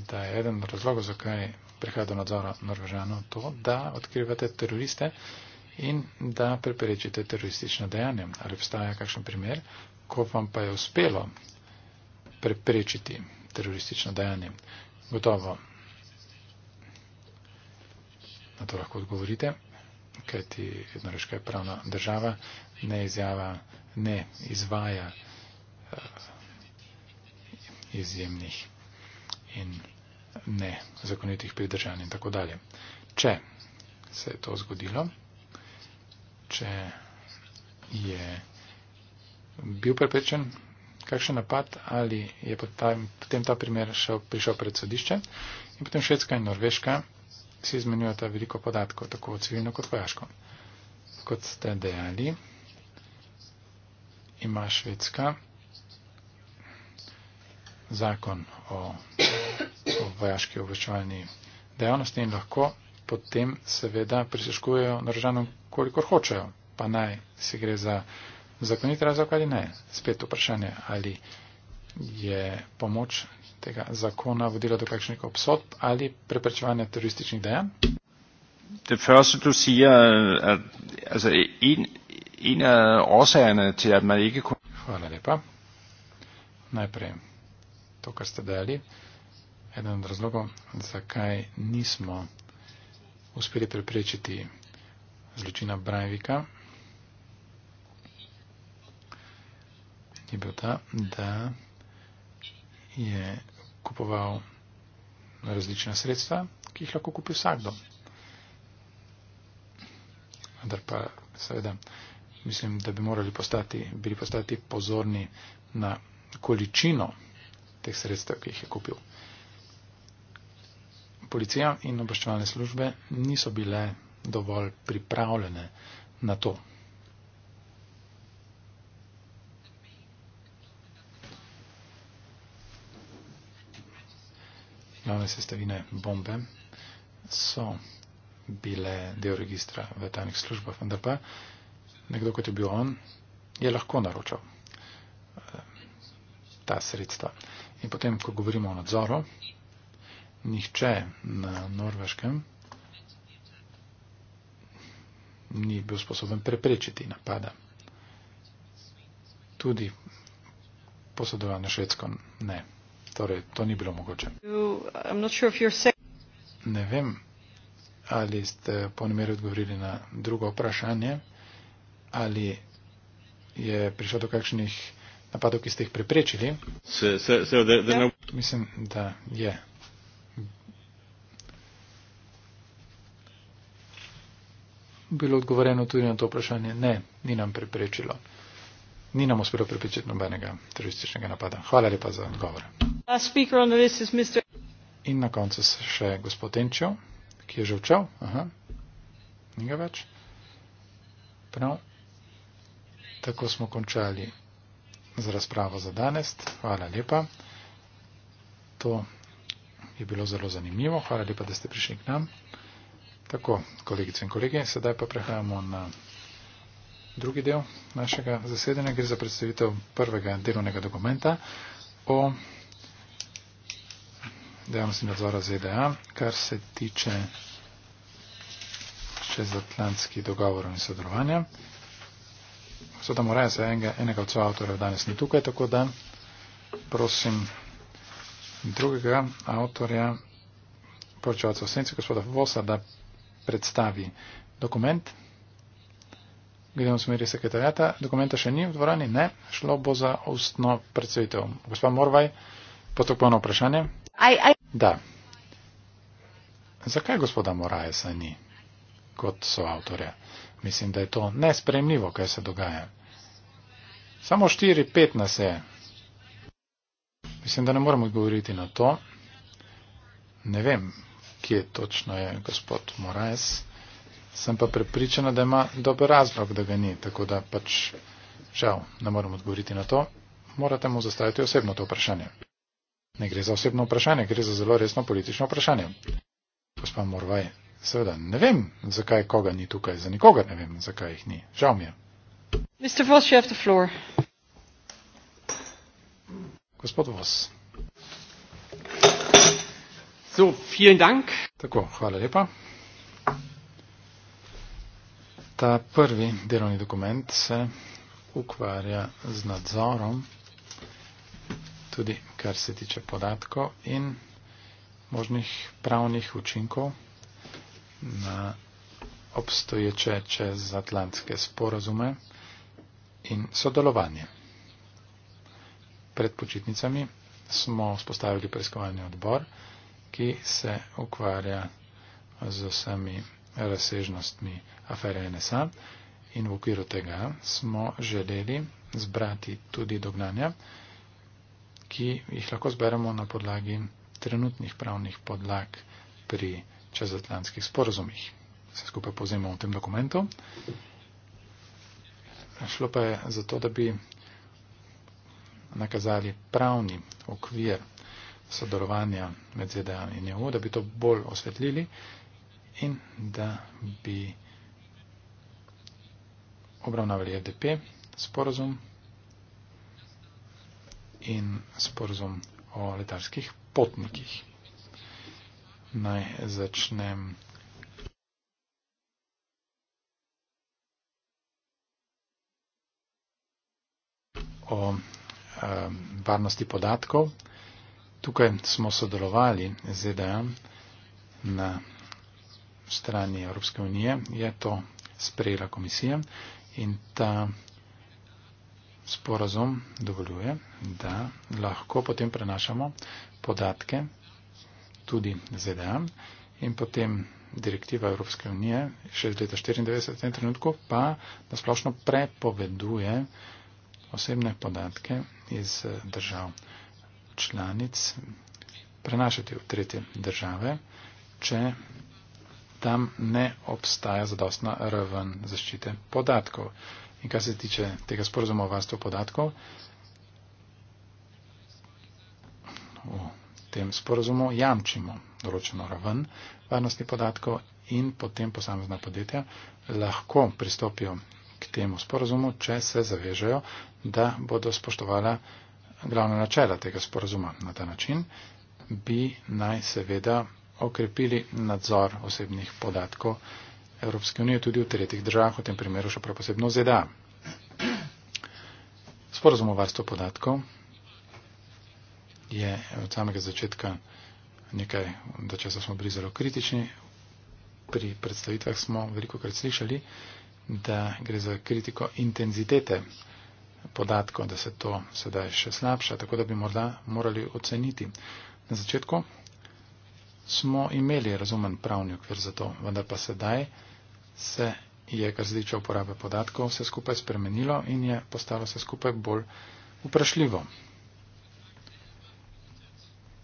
da je eden od razlogov, zakaj prihaja do nadzora Norvežano, to, da odkrivate teroriste in da preprečite teroristična dejanja. Ali obstaja kakšen primer, ko vam pa je uspelo preprečiti teroristično dejanje? Gotovo. Na to lahko odgovorite kajti Norveška je pravna država, ne izjava, ne izvaja eh, izjemnih in nezakonitih pridržanj in tako dalje. Če se je to zgodilo, če je bil prepričan kakšen napad ali je potem ta primer šel, prišel pred sodišče in potem Švedska in Norveška se izmenjujeta veliko podatkov, tako civilno kot vojaško. Kot ste dejali, ima Švedska zakon o, o vojaški obveščevalni dejavnosti in lahko potem seveda prisiškujejo naržanom, kolikor hočejo, pa naj si gre za zakonit razlog ali ne. Spet vprašanje, ali je pomoč tega zakona vodila do kakšnih obsodb ali preprečevanja terorističnih dejanj? Det første, du siger, at er, altså, en, en af årsagerne til, at man ikke kunne... Hvala lepa. Najprej, to, kar ste dejali, eden od razlogov, zakaj nismo uspeli preprečiti zločina Brajvika, je bil ta, da... da je kupoval različna sredstva, ki jih lahko kupi vsakdo. Vendar pa seveda mislim, da bi morali postati, bili postati pozorni na količino teh sredstev, ki jih je kupil. Policija in obaščevalne službe niso bile dovolj pripravljene na to. glavne sestavine bombe so bile del registra v tajnih službah, vendar pa nekdo, kot je bil on, je lahko naročal eh, ta sredstva. In potem, ko govorimo o nadzoru, nihče na Norveškem ni bil sposoben preprečiti napada. Tudi posodovanje švedsko ne torej to ni bilo mogoče. Ne vem, ali ste po nameri odgovorili na drugo vprašanje, ali je prišlo do kakšnih napadov, ki ste jih preprečili. Ja. Mislim, da je. Bilo odgovorjeno tudi na to vprašanje. Ne, ni nam preprečilo. Ni nam uspelo preprečiti nobenega terorističnega napada. Hvala lepa za odgovor. In na koncu se še gospod Enčo, ki je že včel. Aha, ni ga več. Prav. Tako smo končali z razpravo za danes. Hvala lepa. To je bilo zelo zanimivo. Hvala lepa, da ste prišli k nam. Tako, kolegice in kolege, sedaj pa prehajamo na drugi del našega zasedanja. Gre za predstavitev prvega delovnega dokumenta o dejavnosti nadzora ZDA, kar se tiče čezatlantskih dogovorov in sodelovanja. Soda Moraja za enega, enega od soavtorjev danes ni tukaj, tako da prosim drugega avtorja, poročevalca v senci, gospoda Vosa, da predstavi dokument. Gledam v smeri sekretarjata. Dokumenta še ni v dvorani? Ne. Šlo bo za ustno predsvetev. Gospod Morvaj, potokljeno vprašanje. I, I... Da. Zakaj gospoda Morajesa ni, kot so avtorja? Mislim, da je to nespremljivo, kaj se dogaja. Samo 4-5 nas je. Mislim, da ne moramo odgovoriti na to. Ne vem, kje točno je gospod Morajes. Sem pa prepričana, da ima dober razlog, da ga ni. Tako da pač, žal, ne moramo odgovoriti na to. Morate mu zastaviti osebno to vprašanje. Ne gre za osebno vprašanje, gre za zelo resno politično vprašanje. Gospa Morvaj, seveda ne vem, zakaj koga ni tukaj, za nikogar ne vem, zakaj jih ni. Žal mi je. Mr. Voss, you have the floor. Gospod Voss. So, vielen Dank. Tako, hvala lepa. Ta prvi delovni dokument se ukvarja z nadzorom tudi kar se tiče podatkov in možnih pravnih učinkov na obstoječe čezatlantske sporazume in sodelovanje. Pred počitnicami smo spostavili preiskovalni odbor, ki se ukvarja z vsemi razsežnostmi afere NSA in v okviru tega smo želeli zbrati tudi dognanja, ki jih lahko zberemo na podlagi trenutnih pravnih podlag pri čezatlantskih sporozumih. Se skupaj povzemamo v tem dokumentu. Šlo pa je za to, da bi nakazali pravni okvir sodelovanja med ZDA in EU, da bi to bolj osvetlili in da bi obravnavali EDP sporozum in sporozum o letarskih potnikih. Naj začnem. O e, varnosti podatkov. Tukaj smo sodelovali z ZDA na strani Evropske unije. Je to sprejela komisija in ta sporazum dovoljuje, da lahko potem prenašamo podatke tudi ZDA in potem direktiva Evropske unije še iz leta 1994 v tem trenutku pa nasplošno prepoveduje osebne podatke iz držav članic prenašati v tretje države, če tam ne obstaja zadostna raven zaščite podatkov. In kar se tiče tega sporozuma o varstvu podatkov, v tem sporozumu jamčimo določeno raven varnosti podatkov in potem posamezna podjetja lahko pristopijo k temu sporozumu, če se zavežejo, da bodo spoštovala glavna načela tega sporozuma. Na ta način bi naj seveda okrepili nadzor osebnih podatkov. Evropske unije tudi v tretjih državah, v tem primeru še prav posebno v ZDA. Sporozum o varstvu podatkov je od samega začetka nekaj, da časa smo bili zelo kritični. Pri predstavitvah smo veliko krat slišali, da gre za kritiko intenzitete podatkov, da se to sedaj še slabša, tako da bi morda morali oceniti. Na začetku smo imeli razumen pravni okvir za to, vendar pa sedaj se je, kar se tiče uporabe podatkov, vse skupaj spremenilo in je postalo vse skupaj bolj vprašljivo.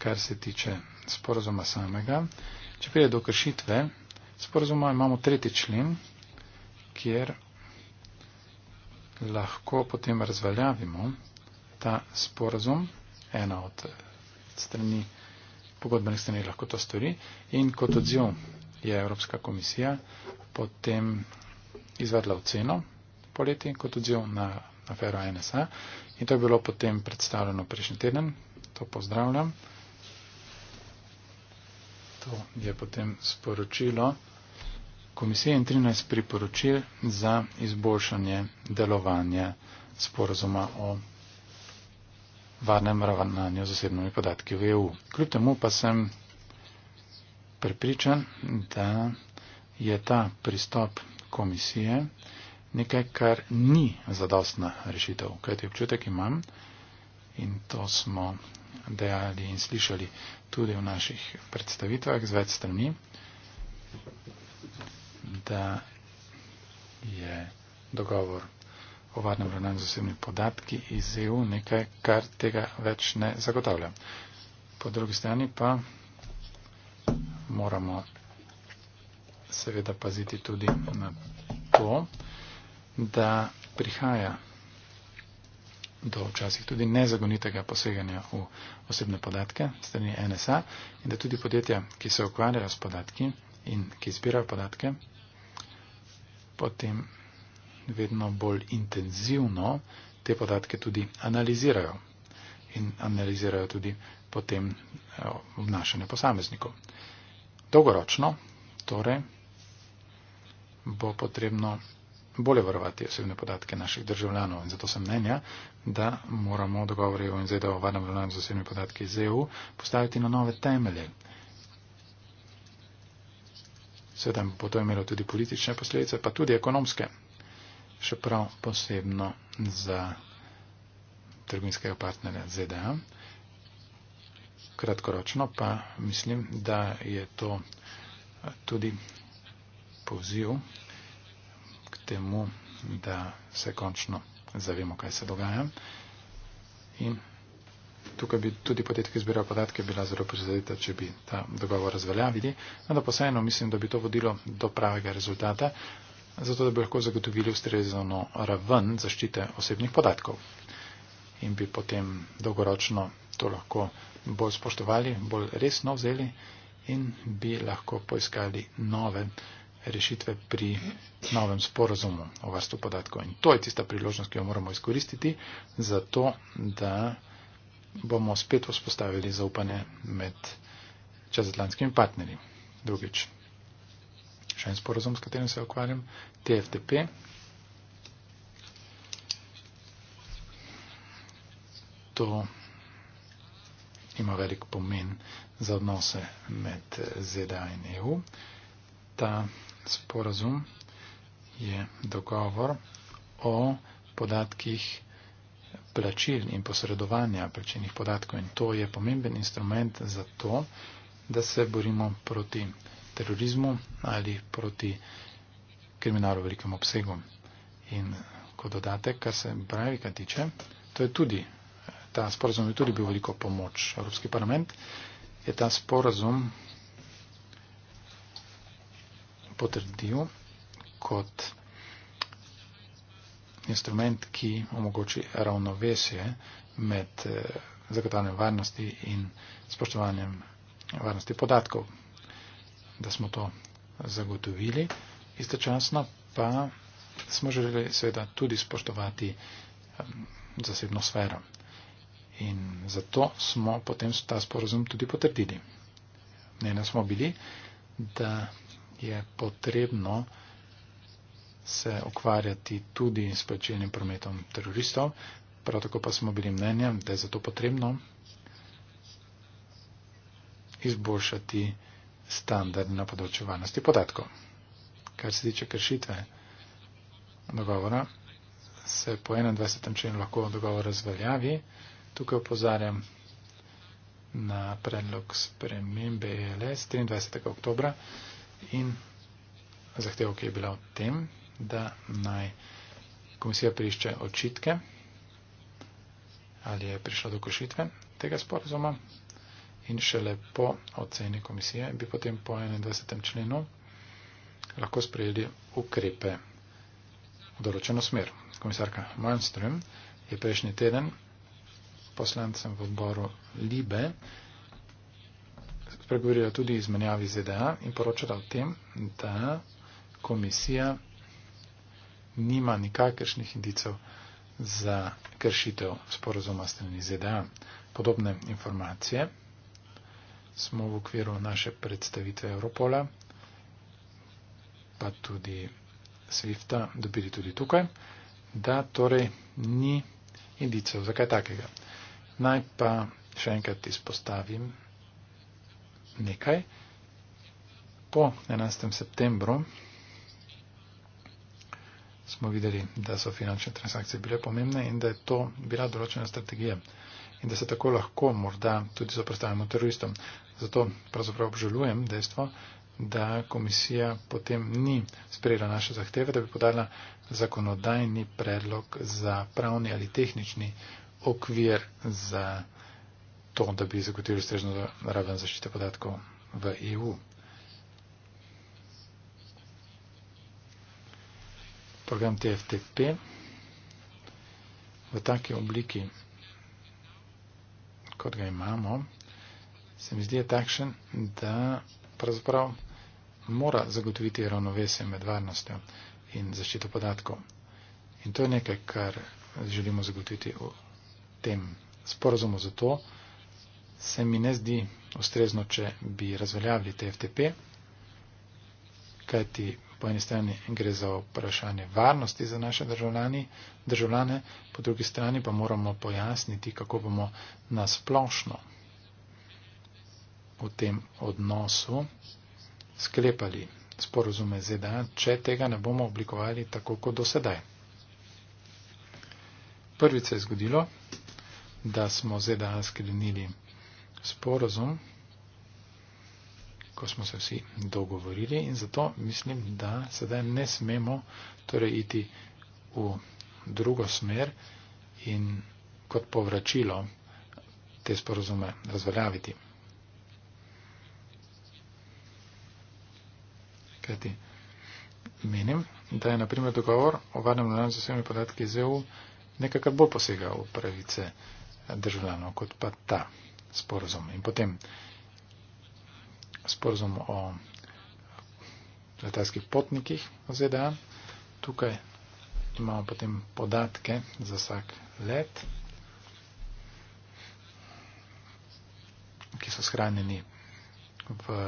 Kar se tiče sporozuma samega, če pride do kršitve sporozuma, imamo tretji člen, kjer lahko potem razveljavimo ta sporozum, ena od strani, pogodbenih strani lahko to stori in kot odziv je Evropska komisija potem izvedla oceno poleti kot odziv na afero NSA in to je bilo potem predstavljeno prejšnji teden. To pozdravljam. To je potem sporočilo komisije in 13 priporočil za izboljšanje delovanja sporozuma o varnem ravnanju z osebnimi podatki v EU. Kljub temu pa sem prepričan, da je ta pristop komisije nekaj, kar ni zadostna rešitev. Kajti občutek imam in to smo dejali in slišali tudi v naših predstavitvah z več strani, da je dogovor o varnem ravnanju z osebnimi podatki iz EU nekaj, kar tega več ne zagotavlja. Po drugi strani pa moramo seveda paziti tudi na to, da prihaja do včasih tudi nezagonitega poseganja v osebne podatke strani NSA in da tudi podjetja, ki se ukvarjajo s podatki in ki zbirajo podatke, potem vedno bolj intenzivno te podatke tudi analizirajo in analizirajo tudi potem eh, obnašanje posameznikov dolgoročno, torej, bo potrebno bolje varovati osebne podatke naših državljanov. In zato sem mnenja, da moramo dogovore o NZD o varnem ravnanju z osebnimi podatki iz EU postaviti na nove temelje. Seveda bo to imelo tudi politične posledice, pa tudi ekonomske. Še prav posebno za trgovinskega partnerja ZDA kratkoročno pa mislim, da je to tudi poziv k temu, da se končno zavemo, kaj se dogaja. In tukaj bi tudi podjetje, ki zbira podatke, bila zelo prizadeta, če bi ta dogovor razveljavili. Ampak posebno mislim, da bi to vodilo do pravega rezultata, zato da bi lahko zagotovili ustrezano raven zaščite osebnih podatkov in bi potem dolgoročno to lahko bolj spoštovali, bolj resno vzeli in bi lahko poiskali nove rešitve pri novem sporozumu o varstvu podatkov. In to je tista priložnost, ki jo moramo izkoristiti, zato da bomo spet vzpostavili zaupanje med čezatlantskimi partnerji. Drugič, še en sporozum, s katerim se ukvarjam, TFTP. To ima velik pomen za odnose med ZDA in EU. Ta sporazum je dogovor o podatkih plačil in posredovanja plačilnih podatkov in to je pomemben instrument za to, da se borimo proti terorizmu ali proti kriminalu v velikem obsegu. In kot dodatek, kar se pravi, kaj tiče, to je tudi ta sporazum je tudi bil veliko pomoč. Evropski parlament je ta sporazum potrdil kot instrument, ki omogoči ravnovesje med eh, zagotavljanjem varnosti in spoštovanjem varnosti podatkov. Da smo to zagotovili, istočasno pa smo želeli seveda tudi spoštovati eh, zasebno sfero. In zato smo potem ta sporozum tudi potrdili. Mnenja smo bili, da je potrebno se ukvarjati tudi s plačilnim prometom teroristov, prav tako pa smo bili mnenja, da je zato potrebno izboljšati standard na področju varnosti podatkov. Kar se tiče kršitve dogovora, se po 21. členu lahko dogovor razveljavi. Tukaj opozarjam na predlog spremembe ELS 23. oktobra in zahtevo, ki je bila v tem, da naj komisija prišče očitke, ali je prišla do košitve tega sporozuma in šele po oceni komisije bi potem po 21. členu lahko sprejeli ukrepe v določeno smer. Komisarka Malmström je prejšnji teden poslancem v odboru Libe, spregovorila tudi izmenjavi ZDA e in poročala o tem, da komisija nima nikakršnih indicov za kršitev sporozuma strani ZDA. E Podobne informacije smo v okviru naše predstavitve Europola, pa tudi Swifta, dobili tudi tukaj, da torej ni indicov za kaj takega. Naj pa še enkrat izpostavim nekaj. Po 11. septembru smo videli, da so finančne transakcije bile pomembne in da je to bila določena strategija in da se tako lahko morda tudi zoprstavimo teroristom. Zato pravzaprav obžalujem dejstvo, da komisija potem ni sprejela naše zahteve, da bi podala zakonodajni predlog za pravni ali tehnični okvir za to, da bi zagotovili ustrežno raven zaščite podatkov v EU. Program TFTP v taki obliki, kot ga imamo, se mi zdi takšen, da pravzaprav mora zagotoviti ravnovesje med varnostjo in zaščito podatkov. In to je nekaj, kar želimo zagotoviti tem sporozumu, zato se mi ne zdi ustrezno, če bi razveljavili TFTP, kajti po eni strani gre za vprašanje varnosti za naše državljani, državljane, po drugi strani pa moramo pojasniti, kako bomo nasplošno v tem odnosu sklepali sporozume ZDA, če tega ne bomo oblikovali tako kot do sedaj. Prvič se je zgodilo, da smo ZDA sklenili sporozum, ko smo se vsi dogovorili in zato mislim, da sedaj ne smemo torej iti v drugo smer in kot povračilo te sporozume razveljaviti. Kajti menim, da je naprimer dogovor o varnem nadzoru z vsemi podatki iz EU nekaj, kar bo posegal v pravice državljanov, kot pa ta sporozum. In potem sporozum o letalskih potnikih v ZDA. Tukaj imamo potem podatke za vsak let, ki so shranjeni v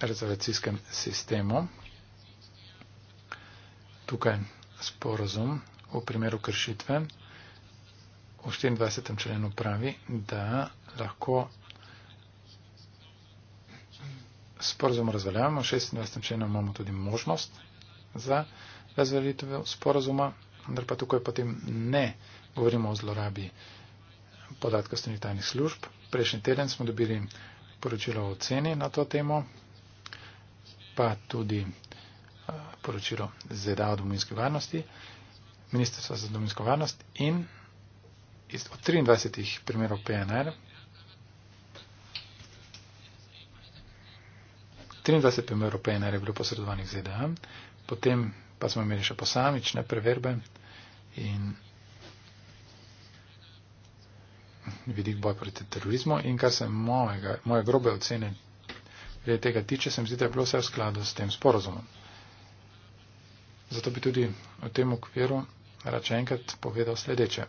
rezervacijskem sistemu. Tukaj sporozum v primeru kršitve v 24. členu pravi, da lahko sporozum razveljavimo. V 26. členu imamo tudi možnost za razveljavitev sporozuma, vendar pa tukaj potem ne govorimo o zlorabi podatkov strani tajnih služb. Prejšnji teden smo dobili poročilo o ceni na to temo, pa tudi eh, poročilo ZDA o domovinski varnosti, Ministrstva za domovinsko varnost in iz, od 23 primerov PNR, 23 primerov PNR je bilo posredovanih ZDA, e potem pa smo imeli še posamične preverbe in vidik boj proti terorizmu in kar se mojega, moje grobe ocene glede tega tiče, sem zdi, da je bilo vse v skladu s tem sporozumom. Zato bi tudi v tem okviru rače enkrat povedal sledeče.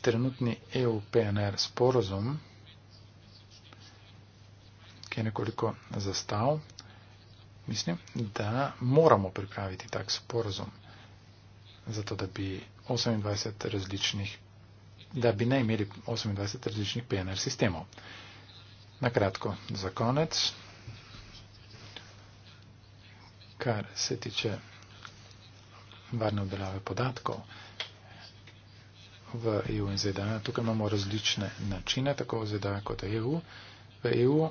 trenutni EU PNR sporozum, ki je nekoliko zastav, mislim, da moramo pripraviti tak sporozum, zato da bi 28 različnih, da bi ne imeli 28 različnih PNR sistemov. Na kratko, za konec, kar se tiče varne obdelave podatkov v EU in ZDA. Tukaj imamo različne načine, tako v ZDA kot EU. V EU e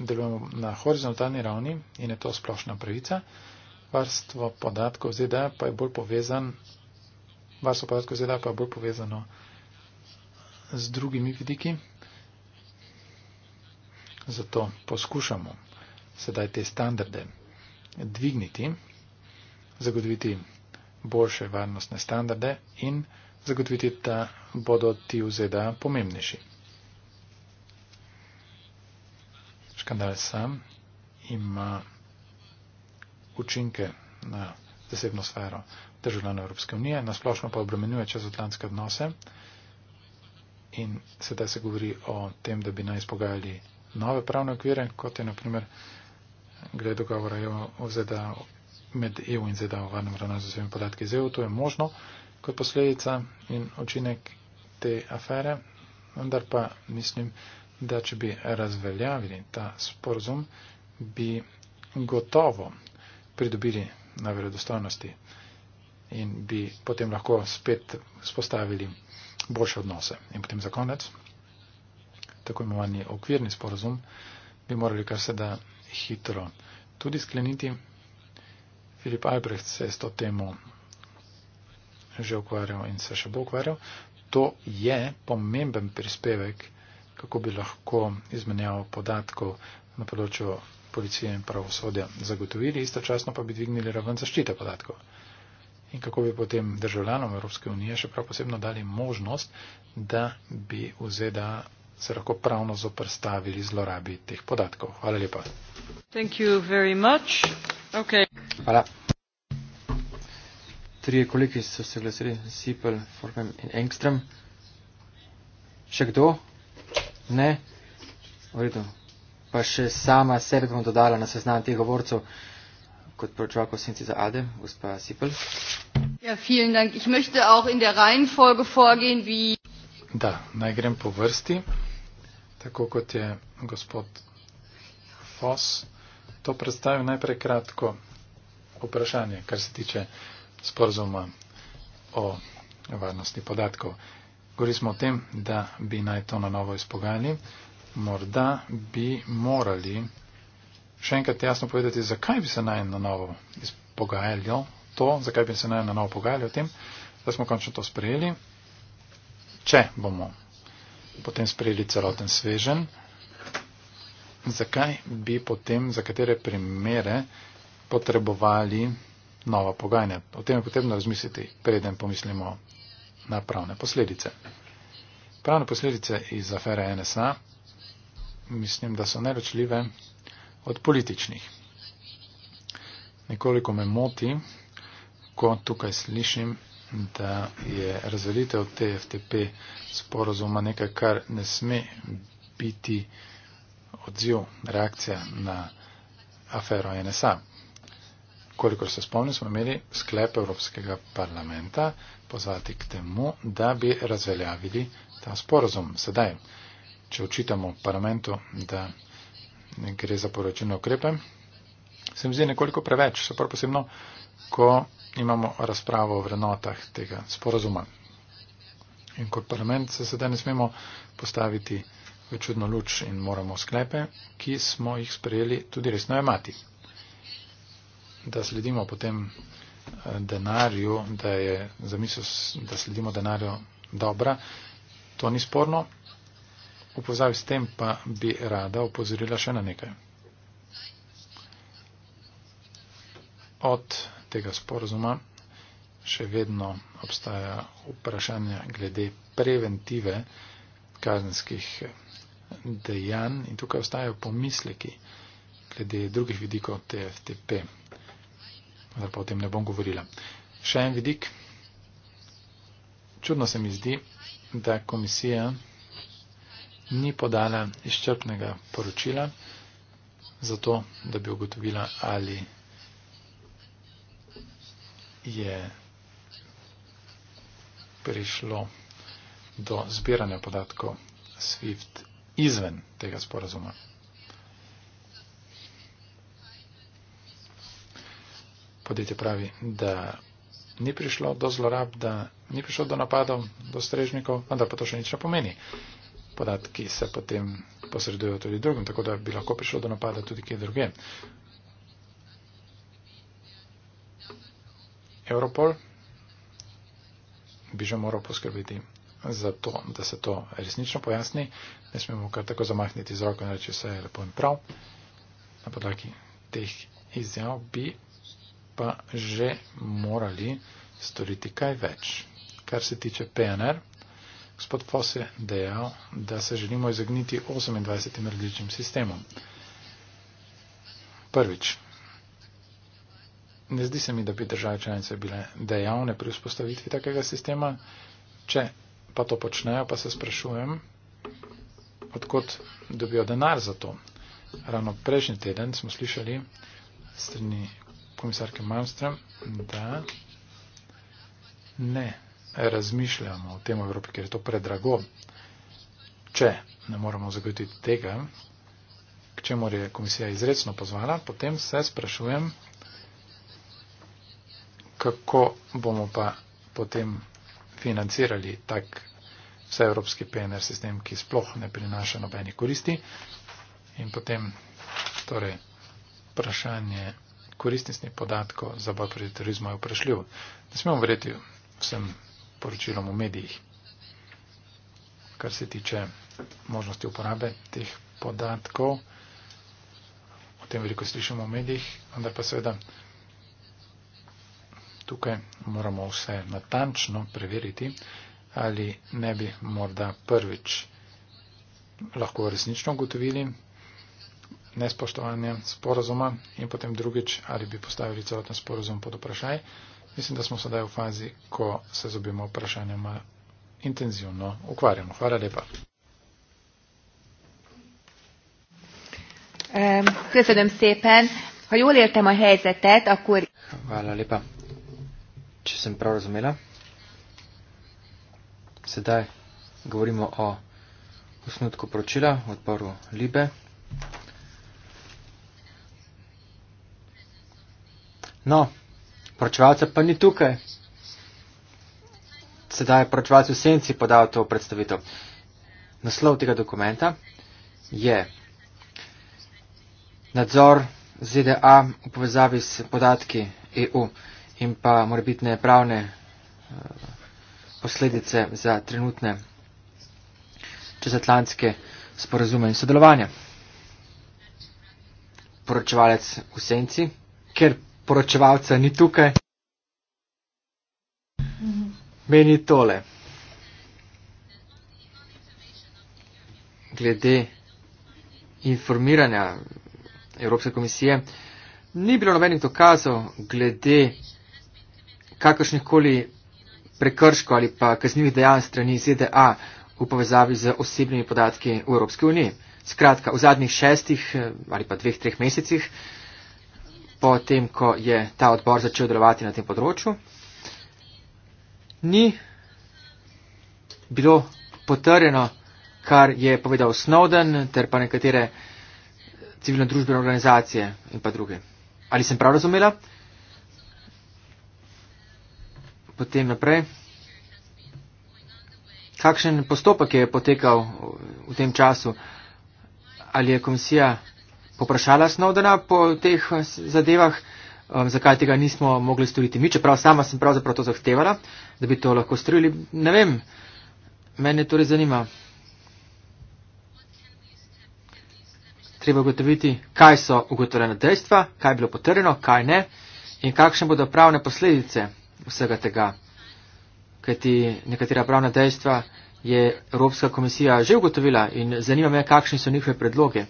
delujemo na horizontalni ravni in je to splošna pravica. Varstvo podatkov ZDA pa je bolj povezan, varstvo podatkov ZDA pa je bolj povezano z drugimi vidiki. Zato poskušamo sedaj te standarde dvigniti, zagotoviti boljše varnostne standarde in zagotoviti, da bodo ti v ZDA pomembnejši. Škandal sam ima učinke na zasebno sfero državljanov Evropske unije, nasplošno pa obremenjuje čezatlantske odnose in sedaj se govori o tem, da bi naj izpogajali nove pravne okvire, kot je naprimer glede dogovora o ZDA med EU in ZDA varnem ravnanju z vsemi podatki z EU. To je možno kot posledica in učinek te afere, vendar pa mislim, da če bi razveljavili ta sporozum, bi gotovo pridobili na verodostojnosti in bi potem lahko spet spostavili boljše odnose. In potem za konec, tako imenovani okvirni sporozum, bi morali kar se da hitro tudi skleniti, Filip Albrecht se je s to temo že ukvarjal in se še bo ukvarjal. To je pomemben prispevek, kako bi lahko izmenjavo podatkov na področju policije in pravosodja zagotovili, istočasno pa bi dvignili raven zaščite podatkov. In kako bi potem državljanom Evropske unije še prav posebno dali možnost, da bi v ZDA se lahko pravno zoprstavili zlorabi teh podatkov. Hvala lepa. Okay. Hvala. Trije kolegi so se glasili, Sipel, Forkman in Engström. Še kdo? Ne? V redu. Pa še sama sebe bom dodala na seznam teh govorcev kot poročevalko Sinci za Adem, gospa Sipel. Ja, vielen Dank. Ich möchte auch in der Reihenfolge vorgehen, wie. Da, naj grem po vrsti, tako kot je gospod Foss to predstavim najprej kratko vprašanje, kar se tiče sporozuma o varnosti podatkov. Govorili smo o tem, da bi naj to na novo izpogajali. Morda bi morali še enkrat jasno povedati, zakaj bi se naj na novo izpogajali to, zakaj bi se naj na novo pogajali o tem, da smo končno to sprejeli, če bomo potem sprejeli celoten svežen zakaj bi potem, za katere primere potrebovali nova pogajanja. O tem je potrebno razmisliti, preden pomislimo na pravne posledice. Pravne posledice iz afere NSA mislim, da so neročljive od političnih. Nekoliko me moti, ko tukaj slišim, da je razveditev TFTP sporozuma nekaj, kar ne sme biti odziv, reakcija na afero NSA. Kolikor se spomnim, smo imeli sklep Evropskega parlamenta pozvati k temu, da bi razveljavili ta sporozum. Sedaj, če očitamo parlamentu, da gre za poročene okrepe, se mi zdi nekoliko preveč, še prav posebno, ko imamo razpravo o vrednotah tega sporozuma. In kot parlament se sedaj ne smemo postaviti v čudno luč in moramo sklepe, ki smo jih sprejeli tudi resno imati. Da sledimo potem eh, denarju, da je zamisel, da sledimo denarju dobra, to ni sporno. Upozavi s tem pa bi rada upozorila še na nekaj. Od tega sporozuma še vedno obstaja vprašanje glede preventive kazenskih dejanj in tukaj ostajajo pomisleki glede drugih vidikov TFTP. Zdaj pa o tem ne bom govorila. Še en vidik. Čudno se mi zdi, da komisija ni podala izčrpnega poročila zato, da bi ugotovila, ali je prišlo do zbiranja podatkov SWIFT izven tega sporazuma. Podjetje pravi, da ni prišlo do zlorab, da ni prišlo do napadov, do strežnikov, vendar pa to še nič ne pomeni. Podatki se potem posredujejo tudi drugim, tako da bi lahko prišlo do napada tudi kje druge. Europol bi že moral poskrbiti za to, da se to resnično pojasni, ne smemo kar tako zamahniti z roko in reči vse je lepo in prav. Na podlagi teh izjav bi pa že morali storiti kaj več. Kar se tiče PNR, gospod Fos je dejal, da se želimo izogniti 28 različnim sistemom. Prvič, ne zdi se mi, da bi države članice bile dejavne pri vzpostavitvi takega sistema, če pa to počnejo, pa se sprašujem, odkot dobijo denar za to. Ravno prejšnji teden smo slišali strani komisarke Malmström, da ne razmišljamo o tem v Evropi, ker je to predrago. Če ne moramo zagotoviti tega, k čemu je komisija izredno pozvala, potem se sprašujem, kako bomo pa potem financirali tak vseevropski PNR sistem, ki sploh ne prinaša nobeni koristi. In potem torej, vprašanje koristnostnih podatkov za boj proti terorizmu je vprašljivo. Ne smemo verjeti vsem poročilom v medijih, kar se tiče možnosti uporabe teh podatkov. O tem veliko slišimo v medijih, vendar pa seveda tukaj moramo vse natančno preveriti, ali ne bi morda prvič lahko resnično ugotovili nespoštovanje sporozuma in potem drugič, ali bi postavili celoten sporozum pod vprašaj. Mislim, da smo sedaj v fazi, ko se z objema vprašanjama intenzivno ukvarjamo. Hvala lepa. Köszönöm szépen. Ha jól értem a helyzetet, akkor. Hvala lepa če sem prav razumela. Sedaj govorimo o osnutku poročila, odporu Libe. No, poročevalca pa ni tukaj. Sedaj je poročevalc v senci podal to predstavitev. Naslov tega dokumenta je nadzor ZDA v povezavi s podatki EU in pa morebitne pravne eh, posledice za trenutne čezatlantske sporazume in sodelovanje. Poročevalec v senci, ker poročevalca ni tukaj, meni tole. Glede informiranja Evropske komisije, ni bilo nobenih dokazov glede kakršnih koli prekrško ali pa kaznjivih dejanj strani ZDA v povezavi z osebnimi podatki v Evropski uniji. Skratka, v zadnjih šestih eh, ali pa dveh, treh mesecih, potem, ko je ta odbor začel delovati na tem področju, ni bilo potrjeno, kar je povedal Snowden ter pa nekatere civilno-družbene organizacije in pa druge. Ali sem prav razumela? potem naprej. Kakšen postopek je potekal v tem času? Ali je komisija poprašala Snowdena po teh zadevah, um, zakaj tega nismo mogli storiti mi, čeprav sama sem pravzaprav to zahtevala, da bi to lahko storili? Ne vem, mene torej zanima. Treba ugotoviti, kaj so ugotovljena dejstva, kaj je bilo potrjeno, kaj ne in kakšne bodo pravne posledice vsega tega. Kajti nekatera pravna dejstva je Evropska komisija že ugotovila in zanima me, kakšni so njihove predloge.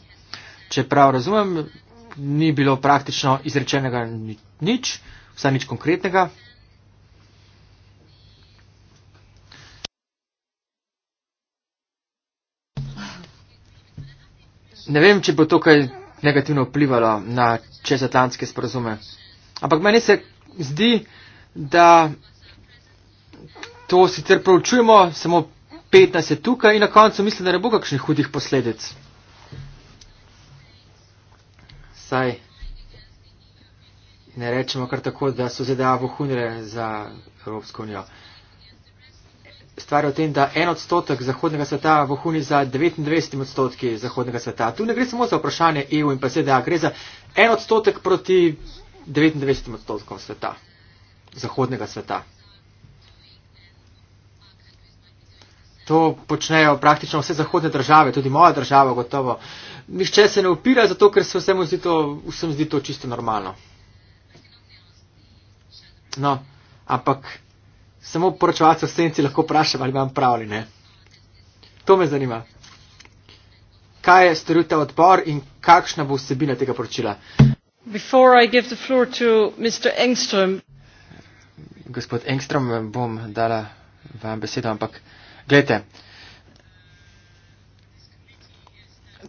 Če prav razumem, ni bilo praktično izrečenega nič, vsa nič konkretnega. Ne vem, če bo to kaj negativno vplivalo na čezatlantske sporozume. Ampak meni se zdi, da to sicer preučujemo, samo 15 je tukaj in na koncu mislim, da ne bo kakšnih hudih posledic. Saj ne rečemo kar tako, da so ZDA vohunere za Evropsko unijo. Stvar je v tem, da en odstotek zahodnega sveta vohuni za 99 odstotki zahodnega sveta. Tu ne gre samo za vprašanje EU in pa ZDA, gre za en odstotek proti 99 odstotkom sveta zahodnega sveta. To počnejo praktično vse zahodne države, tudi moja država gotovo. Nihče se ne upira, zato ker se vsem zdi to, vsem zdi to čisto normalno. No, ampak samo poročevalce v senci lahko vprašam, ali imam prav ali ne. To me zanima. Kaj je storil ta odbor in kakšna bo vsebina tega poročila? Before I give the floor to Mr. Engstrom gospod Engstrom, bom dala vam besedo, ampak gledajte,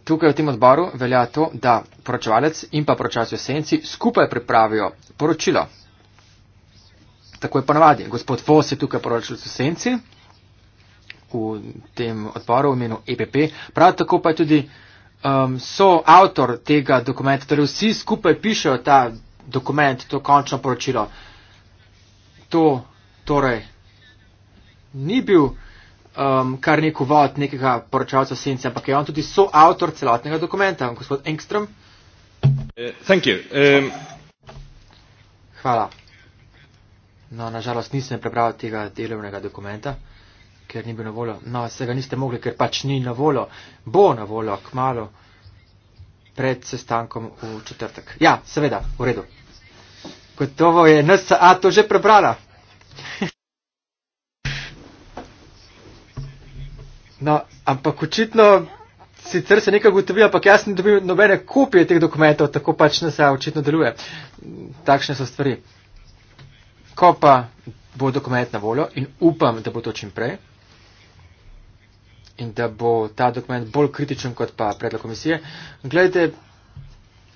tukaj v tem odboru velja to, da poročevalec in pa poročevalec v senci skupaj pripravijo poročilo. Tako je ponavadi. Gospod Vos je tukaj poročevalec v senci v tem odboru v imenu EPP, prav tako pa je tudi um, so avtor tega dokumenta, torej vsi skupaj pišejo ta dokument, to končno poročilo to torej ni bil um, kar nek uvod nekega poročalca sence, ampak je on tudi soavtor celotnega dokumenta, gospod Engström. Eh, thank you. Um... Hvala. No, nažalost nisem prebral tega delovnega dokumenta, ker ni bil na voljo. No, se ga niste mogli, ker pač ni na voljo. Bo na voljo, kmalo, pred sestankom v četrtek. Ja, seveda, v redu. Gotovo je NSA to že prebrala. No, ampak očitno sicer se nekaj gotovi, ampak jaz ne dobim nobene kopije teh dokumentov, tako pač NSA očitno deluje. Takšne so stvari. Ko pa bo dokument na voljo in upam, da bo to čim prej in da bo ta dokument bolj kritičen kot pa predlog komisije, gledajte,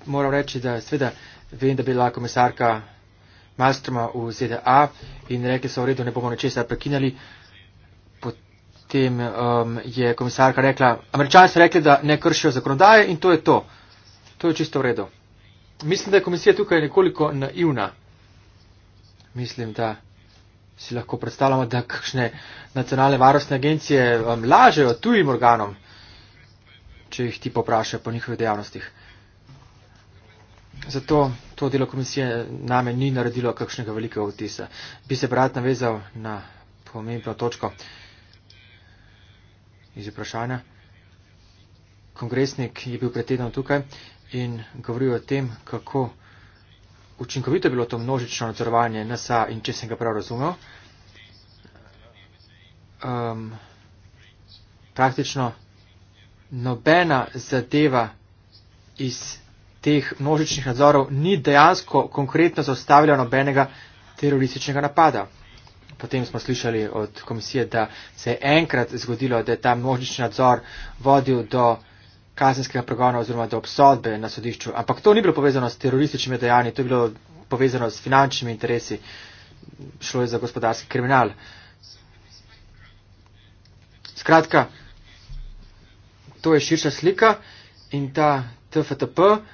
moram reči, da sveda vem, da bi bila komisarka Malstroma v ZDA in rekli so v redu, ne bomo nečesa prekinjali. Potem um, je komisarka rekla, američani so rekli, da ne kršijo zakonodaje in to je to. To je čisto v redu. Mislim, da je komisija tukaj nekoliko naivna. Mislim, da si lahko predstavljamo, da kakšne nacionalne varnostne agencije um, lažejo tujim organom, če jih ti poprašajo po njihovih dejavnostih. Zato to delo komisije name ni naredilo kakšnega velikega vtisa. Bi se brat navezal na pomembno točko iz vprašanja. Kongresnik je bil pred tednom tukaj in govoril o tem, kako učinkovito je bilo to množično nadzorovanje NSA in če sem ga prav razumel. Um, praktično nobena zadeva iz teh množičnih nadzorov ni dejansko konkretno zastavljeno nobenega terorističnega napada. Potem smo slišali od komisije, da se je enkrat zgodilo, da je ta množični nadzor vodil do kazenskega pregona oziroma do obsodbe na sodišču. Ampak to ni bilo povezano s terorističnimi dejanji, to je bilo povezano s finančnimi interesi, šlo je za gospodarski kriminal. Skratka, to je širša slika in ta TFTP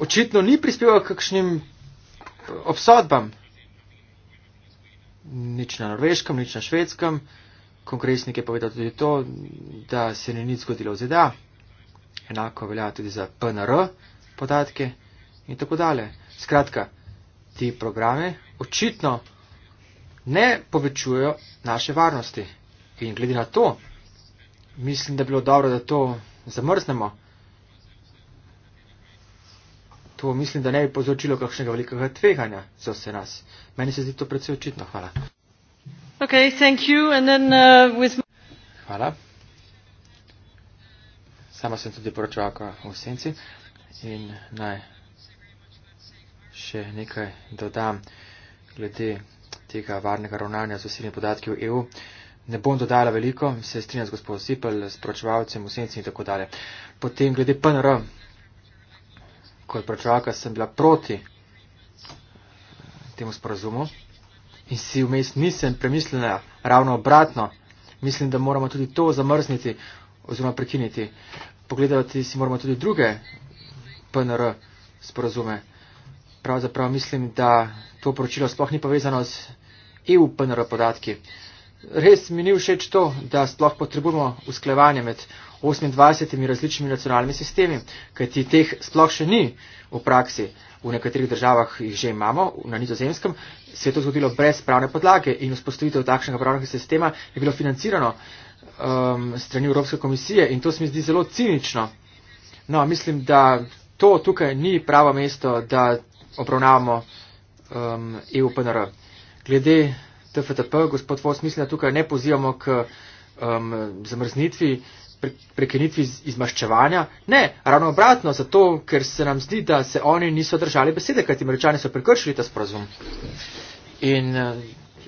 očitno ni prispeval kakšnim eh, obsodbam. Nič na norveškem, nič na švedskem. Kongresnik je povedal tudi to, da se ni nič zgodilo v ZDA. Enako velja tudi za PNR podatke in tako dalje. Skratka, ti programe očitno ne povečujejo naše varnosti. In glede na to, mislim, da bi bilo dobro, da to zamrznemo to mislim, da ne bi povzročilo kakšnega velikega tveganja za vse nas. Meni se zdi to predvsej očitno. Hvala. Okay, then, uh, Hvala. Sama sem tudi poročevalka v senci in naj še nekaj dodam glede tega varnega ravnanja z vsemi podatki v EU. Ne bom dodala veliko, se strinjam z gospodom Sipel, s poročevalcem v senci in tako dalje. Potem glede PNR ko je prečaka, sem bila proti eh, temu sporazumu in si vmes nisem premislila ravno obratno. Mislim, da moramo tudi to zamrzniti oziroma prekiniti. Pogledati si moramo tudi druge PNR sporazume. Pravzaprav mislim, da to poročilo sploh ni povezano z EU PNR podatki. Res mi ni všeč to, da sploh potrebujemo usklevanje med 28 različnimi nacionalnimi sistemi, kajti teh sploh še ni v praksi. V nekaterih državah jih že imamo, na nizozemskem se je to zgodilo brez pravne podlage in vzpostavitev takšnega pravnega sistema je bilo financirano um, strani Evropske komisije in to se mi zdi zelo cinično. No, mislim, da to tukaj ni pravo mesto, da obravnavamo um, EUPNR. Glede TFTP, gospod Vos, mislim, da tukaj ne pozivamo k um, zamrznitvi prekinitvi izmaščevanja. Ne, ravno obratno, zato ker se nam zdi, da se oni niso držali besede, kajti američani so prekršili ta sporazum. In eh,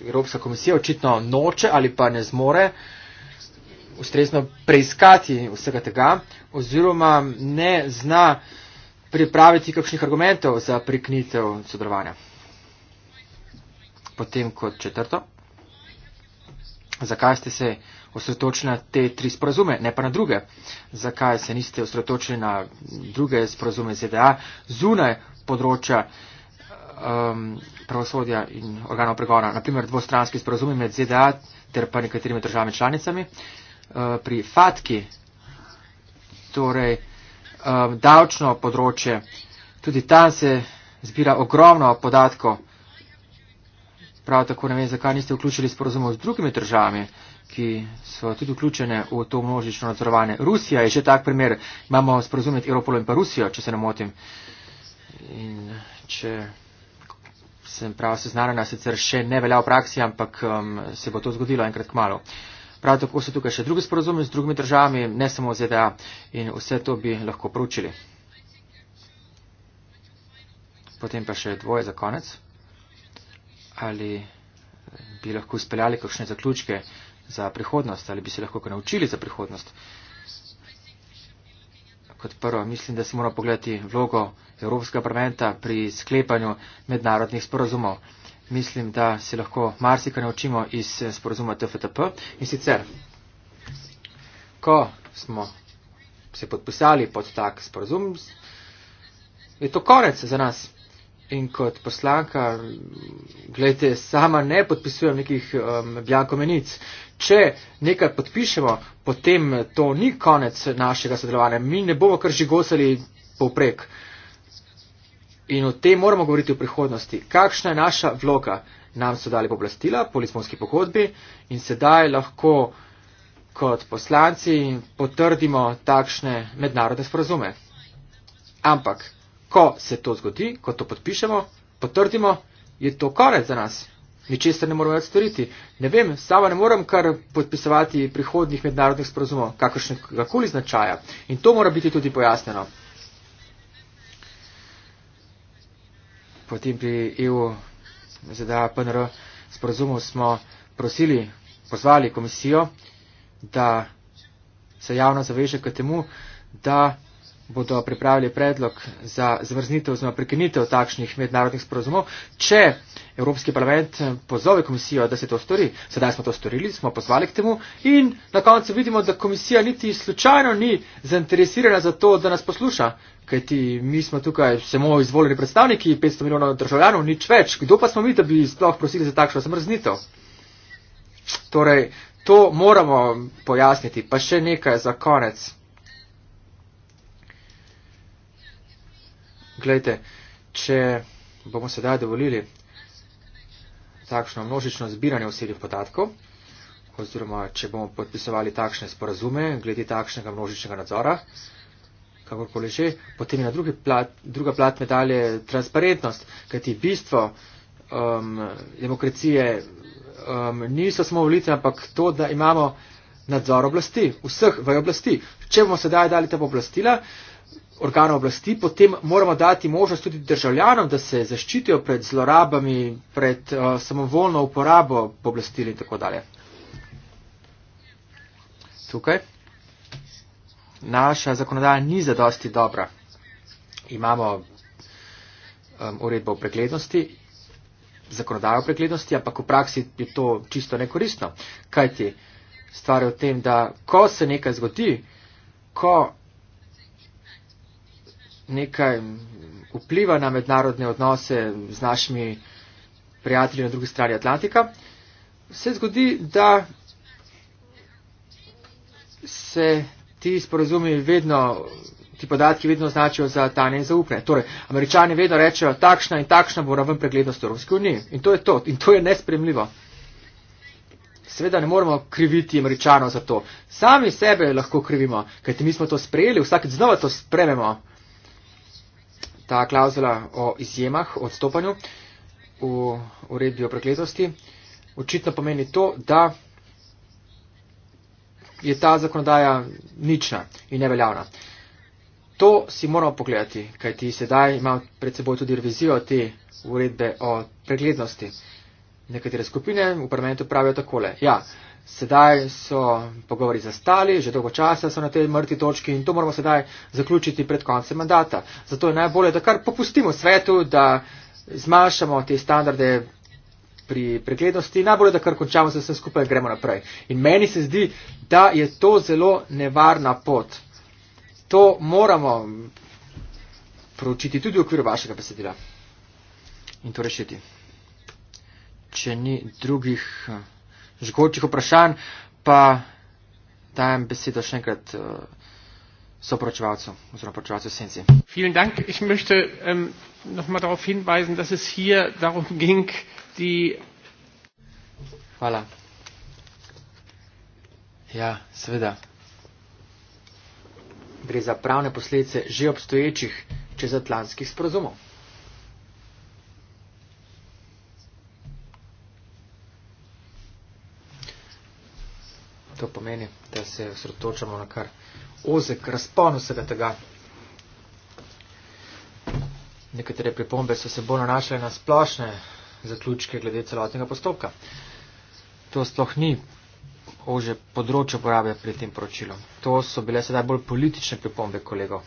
Evropska komisija očitno noče ali pa ne zmore ustrezno preiskati vsega tega oziroma ne zna pripraviti kakšnih argumentov za priknitev sodelovanja. Potem kot četrto. Zakaj ste se osredotočili na te tri sporazume, ne pa na druge. Zakaj se niste osredotočili na druge sporazume ZDA zunaj področja um, pravosodja in organov pregona, naprimer dvostranski sporazumi med ZDA ter pa nekaterimi državami članicami uh, pri FATKI, torej um, davčno področje, tudi tam se zbira ogromno podatkov. Prav tako ne vem, zakaj niste vključili sporozumov z drugimi državami. Uh, ki so tudi vključene v to množično nadzorovanje. Rusija je že tak primer. Imamo sporozum med Evropolo in pa Rusijo, če se ne motim. In če sem prav seznanjena, sicer še ne velja v praksi, ampak um, se bo to zgodilo enkrat k malu. Prav tako so tukaj še drugi sporozumi z drugimi državami, ne samo ZDA in vse to bi lahko pručili. Potem pa še dvoje za konec. Ali bi lahko speljali kakšne zaključke za prihodnost, ali bi se lahko naučili za prihodnost. Kot prvo, mislim, da se moramo pogledati vlogo Evropskega parlamenta pri sklepanju mednarodnih sporazumov. Mislim, da se lahko marsika naučimo iz sporazuma TFTP in sicer, ko smo se podpisali pod tak sporazum, je to konec za nas. In kot poslanka, gledajte, sama ne podpisujem nekih um, bjankomenic. Če nekaj podpišemo, potem to ni konec našega sodelovanja. Mi ne bomo kar žigosali povprek. In o tem moramo govoriti v prihodnosti. Kakšna je naša vloga? Nam so dali poblastila po lisbonski pogodbi in sedaj lahko kot poslanci potrdimo takšne mednarodne sporazume. Ampak ko se to zgodi, ko to podpišemo, potrdimo, je to konec za nas. Ničesar ne moramo več storiti. Ne vem, sama ne morem kar podpisovati prihodnih mednarodnih sporozumov, kakršnega koli značaja. In to mora biti tudi pojasneno. Potem pri EU, ZDA, PNR sporozumu smo prosili, pozvali komisijo, da se javno zaveže k temu, da bodo pripravili predlog za zvrznitev oziroma prekinitev takšnih mednarodnih sporozumov, če Evropski parlament pozove komisijo, da se to stori. Sedaj smo to storili, smo pozvali k temu in na koncu vidimo, da komisija niti slučajno ni zainteresirana za to, da nas posluša. Kajti mi smo tukaj samo izvoljeni predstavniki, 500 milijonov državljanov, nič več. Kdo pa smo mi, da bi sploh prosili za takšno zamrznitev? Torej, to moramo pojasniti. Pa še nekaj za konec. Glejte, če bomo sedaj dovolili takšno množično zbiranje osebnih podatkov, oziroma če bomo podpisovali takšne sporazume glede takšnega množičnega nadzora, kakorkoli že, potem je na plat, druga plat medalje transparentnost, kajti bistvo um, demokracije um, niso samo volitve, ampak to, da imamo nadzor oblasti, vseh v oblasti. Če bomo sedaj dali ta pooblastila, po organov oblasti, potem moramo dati možnost tudi državljanom, da se zaščitijo pred zlorabami, pred uh, samovoljno uporabo pooblastili in tako dalje. Tukaj naša zakonodaja ni zadosti dobra. Imamo um, uredbo o preglednosti, zakonodajo o preglednosti, ampak v praksi je to čisto nekoristno. Kajti stvar je v tem, da ko se nekaj zgodi, ko nekaj vpliva na mednarodne odnose z našimi prijatelji na drugi strani Atlantika, se zgodi, da se ti sporazumi vedno, ti podatki vedno označijo za ta nezaupne. Torej, američani vedno rečejo, takšna in takšna bo raven preglednost Evropske unije. In to je to. In to je nespremljivo. Seveda ne moremo kriviti američanov za to. Sami sebe lahko krivimo, kajti mi smo to sprejeli, vsakeč znova to sprememo ta klauzula o izjemah, o odstopanju v uredbi o prekletosti, očitno pomeni to, da je ta zakonodaja nična in neveljavna. To si moramo pogledati, kajti sedaj imam pred seboj tudi revizijo te uredbe o preglednosti. Nekatere skupine v parlamentu pravijo takole. Ja, Sedaj so pogovori zastali, že dolgo časa so na tej mrtvi točki in to moramo sedaj zaključiti pred koncem mandata. Zato je najbolje, da kar popustimo svetu, da zmanjšamo te standarde pri preglednosti, najbolje, da kar končamo se vsem skupaj in gremo naprej. In meni se zdi, da je to zelo nevarna pot. To moramo proučiti tudi v okviru vašega besedila in to rešiti. Če ni drugih žgočih vprašanj, pa dajem besedo še enkrat eh, soporočevalcu oziroma poročevalcu Senci. Vielen Dank. Ich möchte um, noch mal darauf hinweisen, dass es hier darum ging, die. Hvala. Ja, seveda. Gre za pravne posledice že obstoječih čezatlantskih sporozumov. To pomeni, da se sredotočamo na kar ozek razpon vsega tega. Nekatere pripombe so se bolj nanašale na splošne zaključke glede celotnega postopka. To sploh ni ože področje uporabe pri tem poročilu. To so bile sedaj bolj politične pripombe kolego.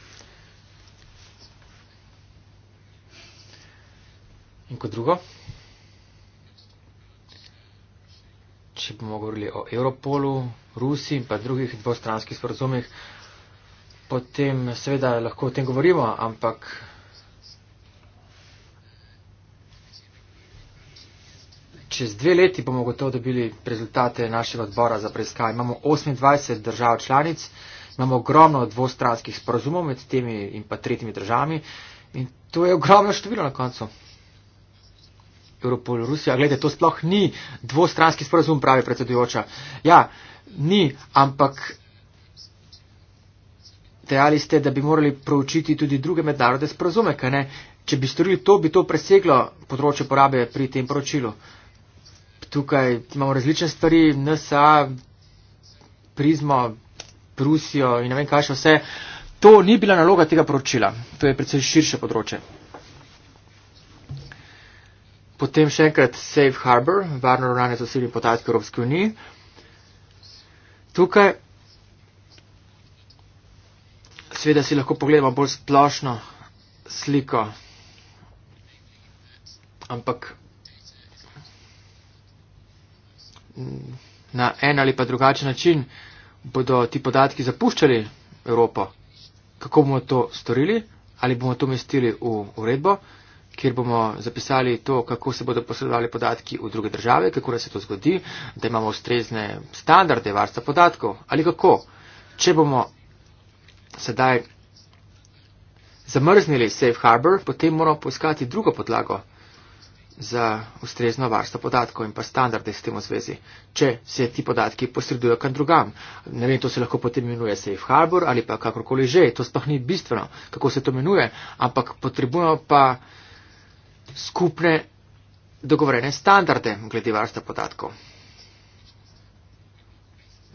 In kot drugo, še bomo govorili o Europolu, Rusiji in pa drugih dvostranskih sporozumih, potem seveda lahko o tem govorimo, ampak. Čez dve leti bomo gotovo dobili rezultate našega odbora za preiskave. Imamo 28 držav članic, imamo ogromno dvostranskih sporozumov med temi in pa tretjimi državami in to je ogromno število na koncu. Europol, Rusija. Glede, to sploh ni dvostranski sporazum, pravi predsedujoča. Ja, ni, ampak dejali ste, da bi morali proučiti tudi druge mednarode sporazume, kaj ne? Če bi storili to, bi to preseglo področje porabe pri tem poročilu. Tukaj imamo različne stvari, NSA, prizmo, Rusijo in ne vem kaj še vse. To ni bila naloga tega poročila, to je predvsej širše področje. Potem še enkrat Safe Harbor, varno ravnanje z osebnimi podatki Evropske unije. Tukaj seveda si lahko pogledamo bolj splošno sliko, ampak na en ali pa drugačen način bodo ti podatki zapuščali Evropo. Kako bomo to storili? Ali bomo to mestili v uredbo? kjer bomo zapisali to, kako se bodo posredovali podatki v druge države, kako se to zgodi, da imamo ustrezne standarde varstva podatkov ali kako. Če bomo sedaj zamrznili Safe Harbor, potem moramo poiskati drugo podlago za ustrezno varstvo podatkov in pa standarde s tem v zvezi, če se ti podatki posredujo kam drugam. Ne vem, to se lahko potem imenuje Safe Harbor ali pa kakorkoli že, to sploh ni bistveno, kako se to imenuje, ampak potrebujemo pa skupne dogovorene standarde glede varstva podatkov.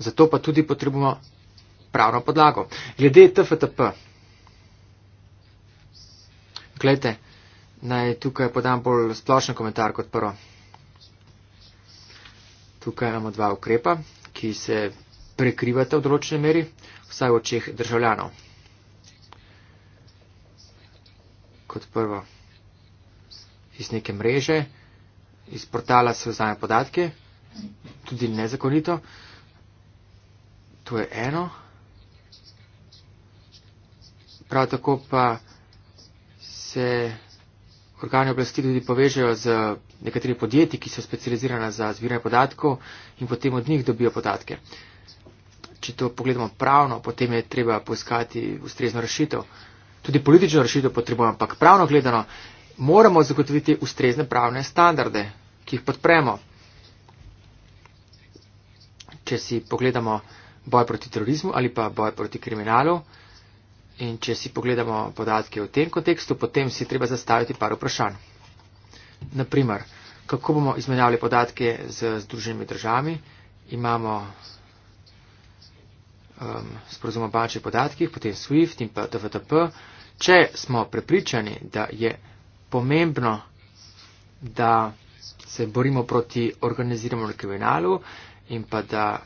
Zato pa tudi potrebujemo pravno podlago. Glede TFTP. Glede, naj tukaj podam bolj splošen komentar kot prvo. Tukaj imamo dva ukrepa, ki se prekrivata v določeni meri, vsaj v očeh državljanov. Kot prvo iz neke mreže, iz portala se vzame podatke, tudi nezakonito. To je eno. Prav tako pa se organi oblasti tudi povežejo z nekaterimi podjetji, ki so specializirana za zbiranje podatkov in potem od njih dobijo podatke. Če to pogledamo pravno, potem je treba poiskati ustrezno rešitev. Tudi politično rešitev potrebujemo, ampak pravno gledano moramo zagotoviti ustrezne pravne standarde, ki jih podpremo. Če si pogledamo boj proti terorizmu ali pa boj proti kriminalu in če si pogledamo podatke v tem kontekstu, potem si treba zastaviti par vprašanj. Naprimer, kako bomo izmenjavali podatke z združenimi državami, imamo um, sporozum o bančnih podatkih, potem SWIFT in pa DVTP. Če smo prepričani, da je pomembno, da se borimo proti organiziranemu kriminalu in pa da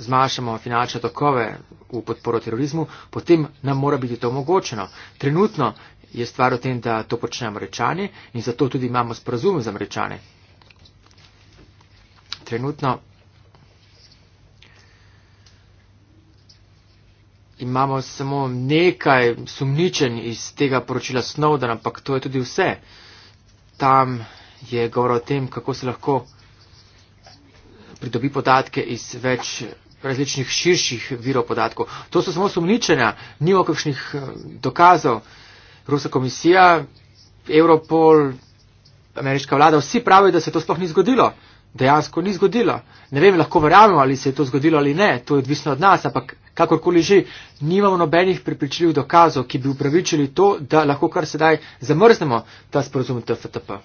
zmanjšamo finančne tokove v podporo terorizmu, potem nam mora biti to omogočeno. Trenutno je stvar o tem, da to počnejo američani in zato tudi imamo sporazum z američani. Trenutno imamo samo nekaj sumničen iz tega poročila Snowden, ampak to je tudi vse. Tam je govor o tem, kako se lahko pridobi podatke iz več različnih širših virov podatkov. To so samo sumničenja, nimo kakšnih eh, dokazov. Ruska komisija, Europol, ameriška vlada, vsi pravijo, da se to sploh ni zgodilo. Dejansko ni zgodilo. Ne vem, lahko verjamemo, ali se je to zgodilo ali ne, to je odvisno od nas, ampak kakorkoli že, nimamo nobenih pripričljivih dokazov, ki bi upravičili to, da lahko kar sedaj zamrznemo ta sporozum TFTP.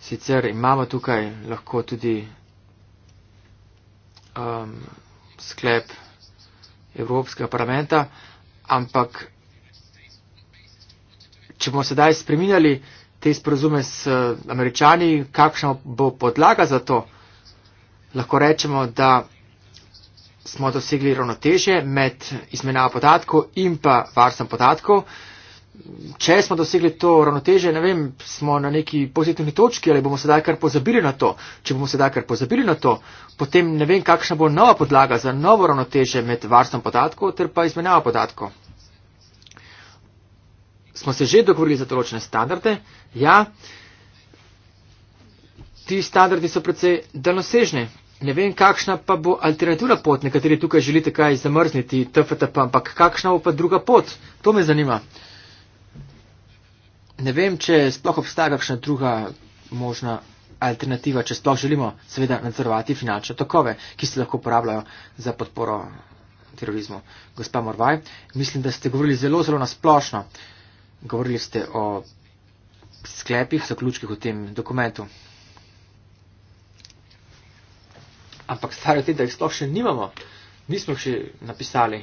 Sicer imamo tukaj lahko tudi um, sklep Evropskega parlamenta, ampak če bomo sedaj spreminjali te sporozume s uh, američani, kakšna bo podlaga za to, lahko rečemo, da smo dosegli ravnoteže med izmenjavo podatkov in pa varstvom podatkov. Če smo dosegli to ravnoteže, ne vem, smo na neki pozitivni točki ali bomo sedaj kar pozabili na to. Če bomo sedaj kar pozabili na to, potem ne vem, kakšna bo nova podlaga za novo ravnoteže med varstvom podatkov ter pa izmenjavo podatkov. Smo se že dogovorili za določene standarde? Ja. Ti standardi so precej daljnosežni ne vem, kakšna pa bo alternativna pot, nekateri tukaj želite kaj zamrzniti, tfete pa, ampak kakšna bo pa druga pot, to me zanima. Ne vem, če sploh obstaja kakšna druga možna alternativa, če sploh želimo seveda nadzorovati finančne tokove, ki se lahko uporabljajo za podporo terorizmu. Gospa Morvaj, mislim, da ste govorili zelo, zelo nasplošno. Govorili ste o sklepih, zaključkih v tem dokumentu. ampak stare tedne jih sploh še nimamo, nismo še napisali.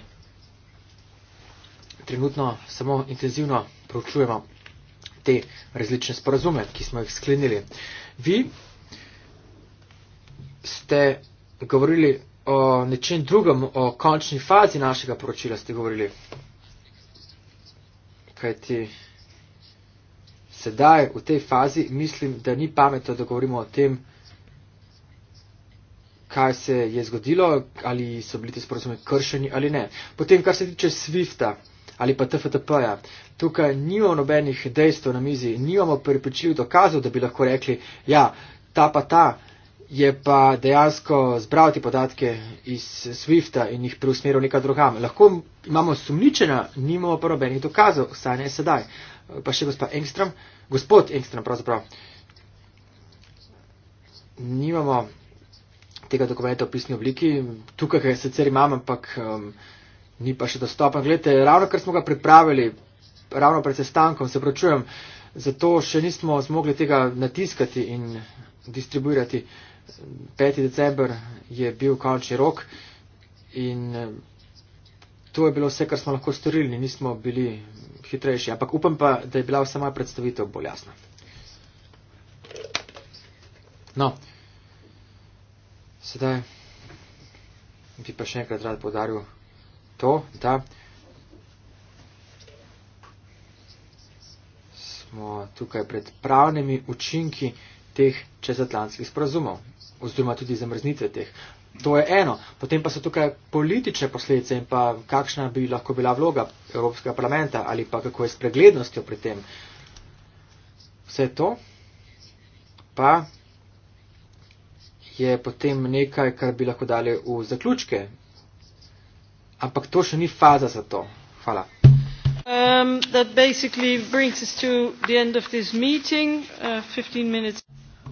Trenutno samo intenzivno proučujemo te različne sporazume, ki smo jih sklenili. Vi ste govorili o nečem drugem, o končni fazi našega poročila ste govorili. Kaj ti sedaj v tej fazi mislim, da ni pametno, da govorimo o tem, kaj se je zgodilo, ali so bili ti sporozumi kršeni ali ne. Potem, kar se tiče SWIFT-a ali pa TFTP-ja, tukaj nimamo nobenih dejstev na mizi, nimamo pripričljivih dokazov, da bi lahko rekli, ja, ta pa ta je pa dejansko zbral ti podatke iz SWIFT-a in jih preusmeril neka drugam. Lahko imamo sumničena, nimamo pa nobenih dokazov, vsaj ne sedaj. Pa še gospod Engstrom, gospod Engstrom pravzaprav. Nimamo tega dokumenta v pisni obliki. Tukaj ga sicer imam, ampak um, ni pa še dostopen. Glede, ravno kar smo ga pripravili, ravno pred sestankom, se pravčujem, zato še nismo zmogli tega natiskati in distribuirati. 5. december je bil končni rok in um, to je bilo vse, kar smo lahko storili, nismo bili hitrejši, ampak upam pa, da je bila vsa moja predstavitev bolj jasna. No. Sedaj bi pa še enkrat rad podaril to, da smo tukaj pred pravnimi učinki teh čezatlantskih sporazumov oziroma tudi zamrznitve teh. To je eno. Potem pa so tukaj politične posledice in pa kakšna bi lahko bila vloga Evropskega parlamenta ali pa kako je s preglednostjo pri tem. Vse to pa je potem nekaj, kar bi lahko dali v zaključke. Ampak to še ni faza za to. Hvala. Um, that basically brings us to the end of this meeting, uh, 15 minutes.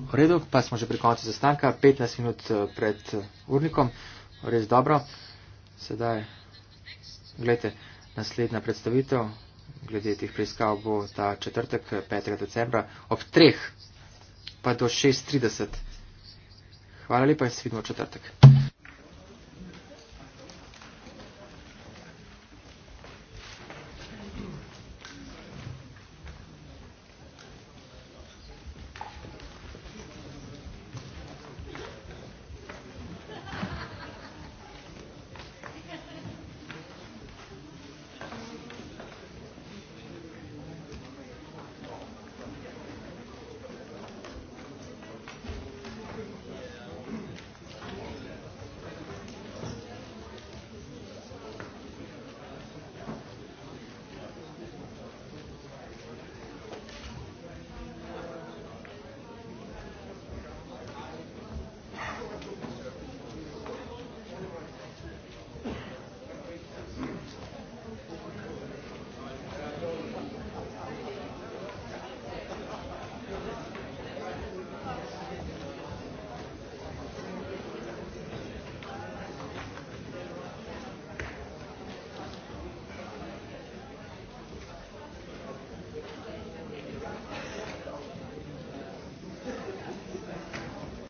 V redu, pa smo že pri koncu zastanka, 15 minut uh, pred uh, urnikom, res dobro. Sedaj, gledajte, naslednja predstavitev, glede tih preiskav bo ta četrtek, 5. decembra, ob 3. pa do 6.30. Hvala lepa in svidno četrtek.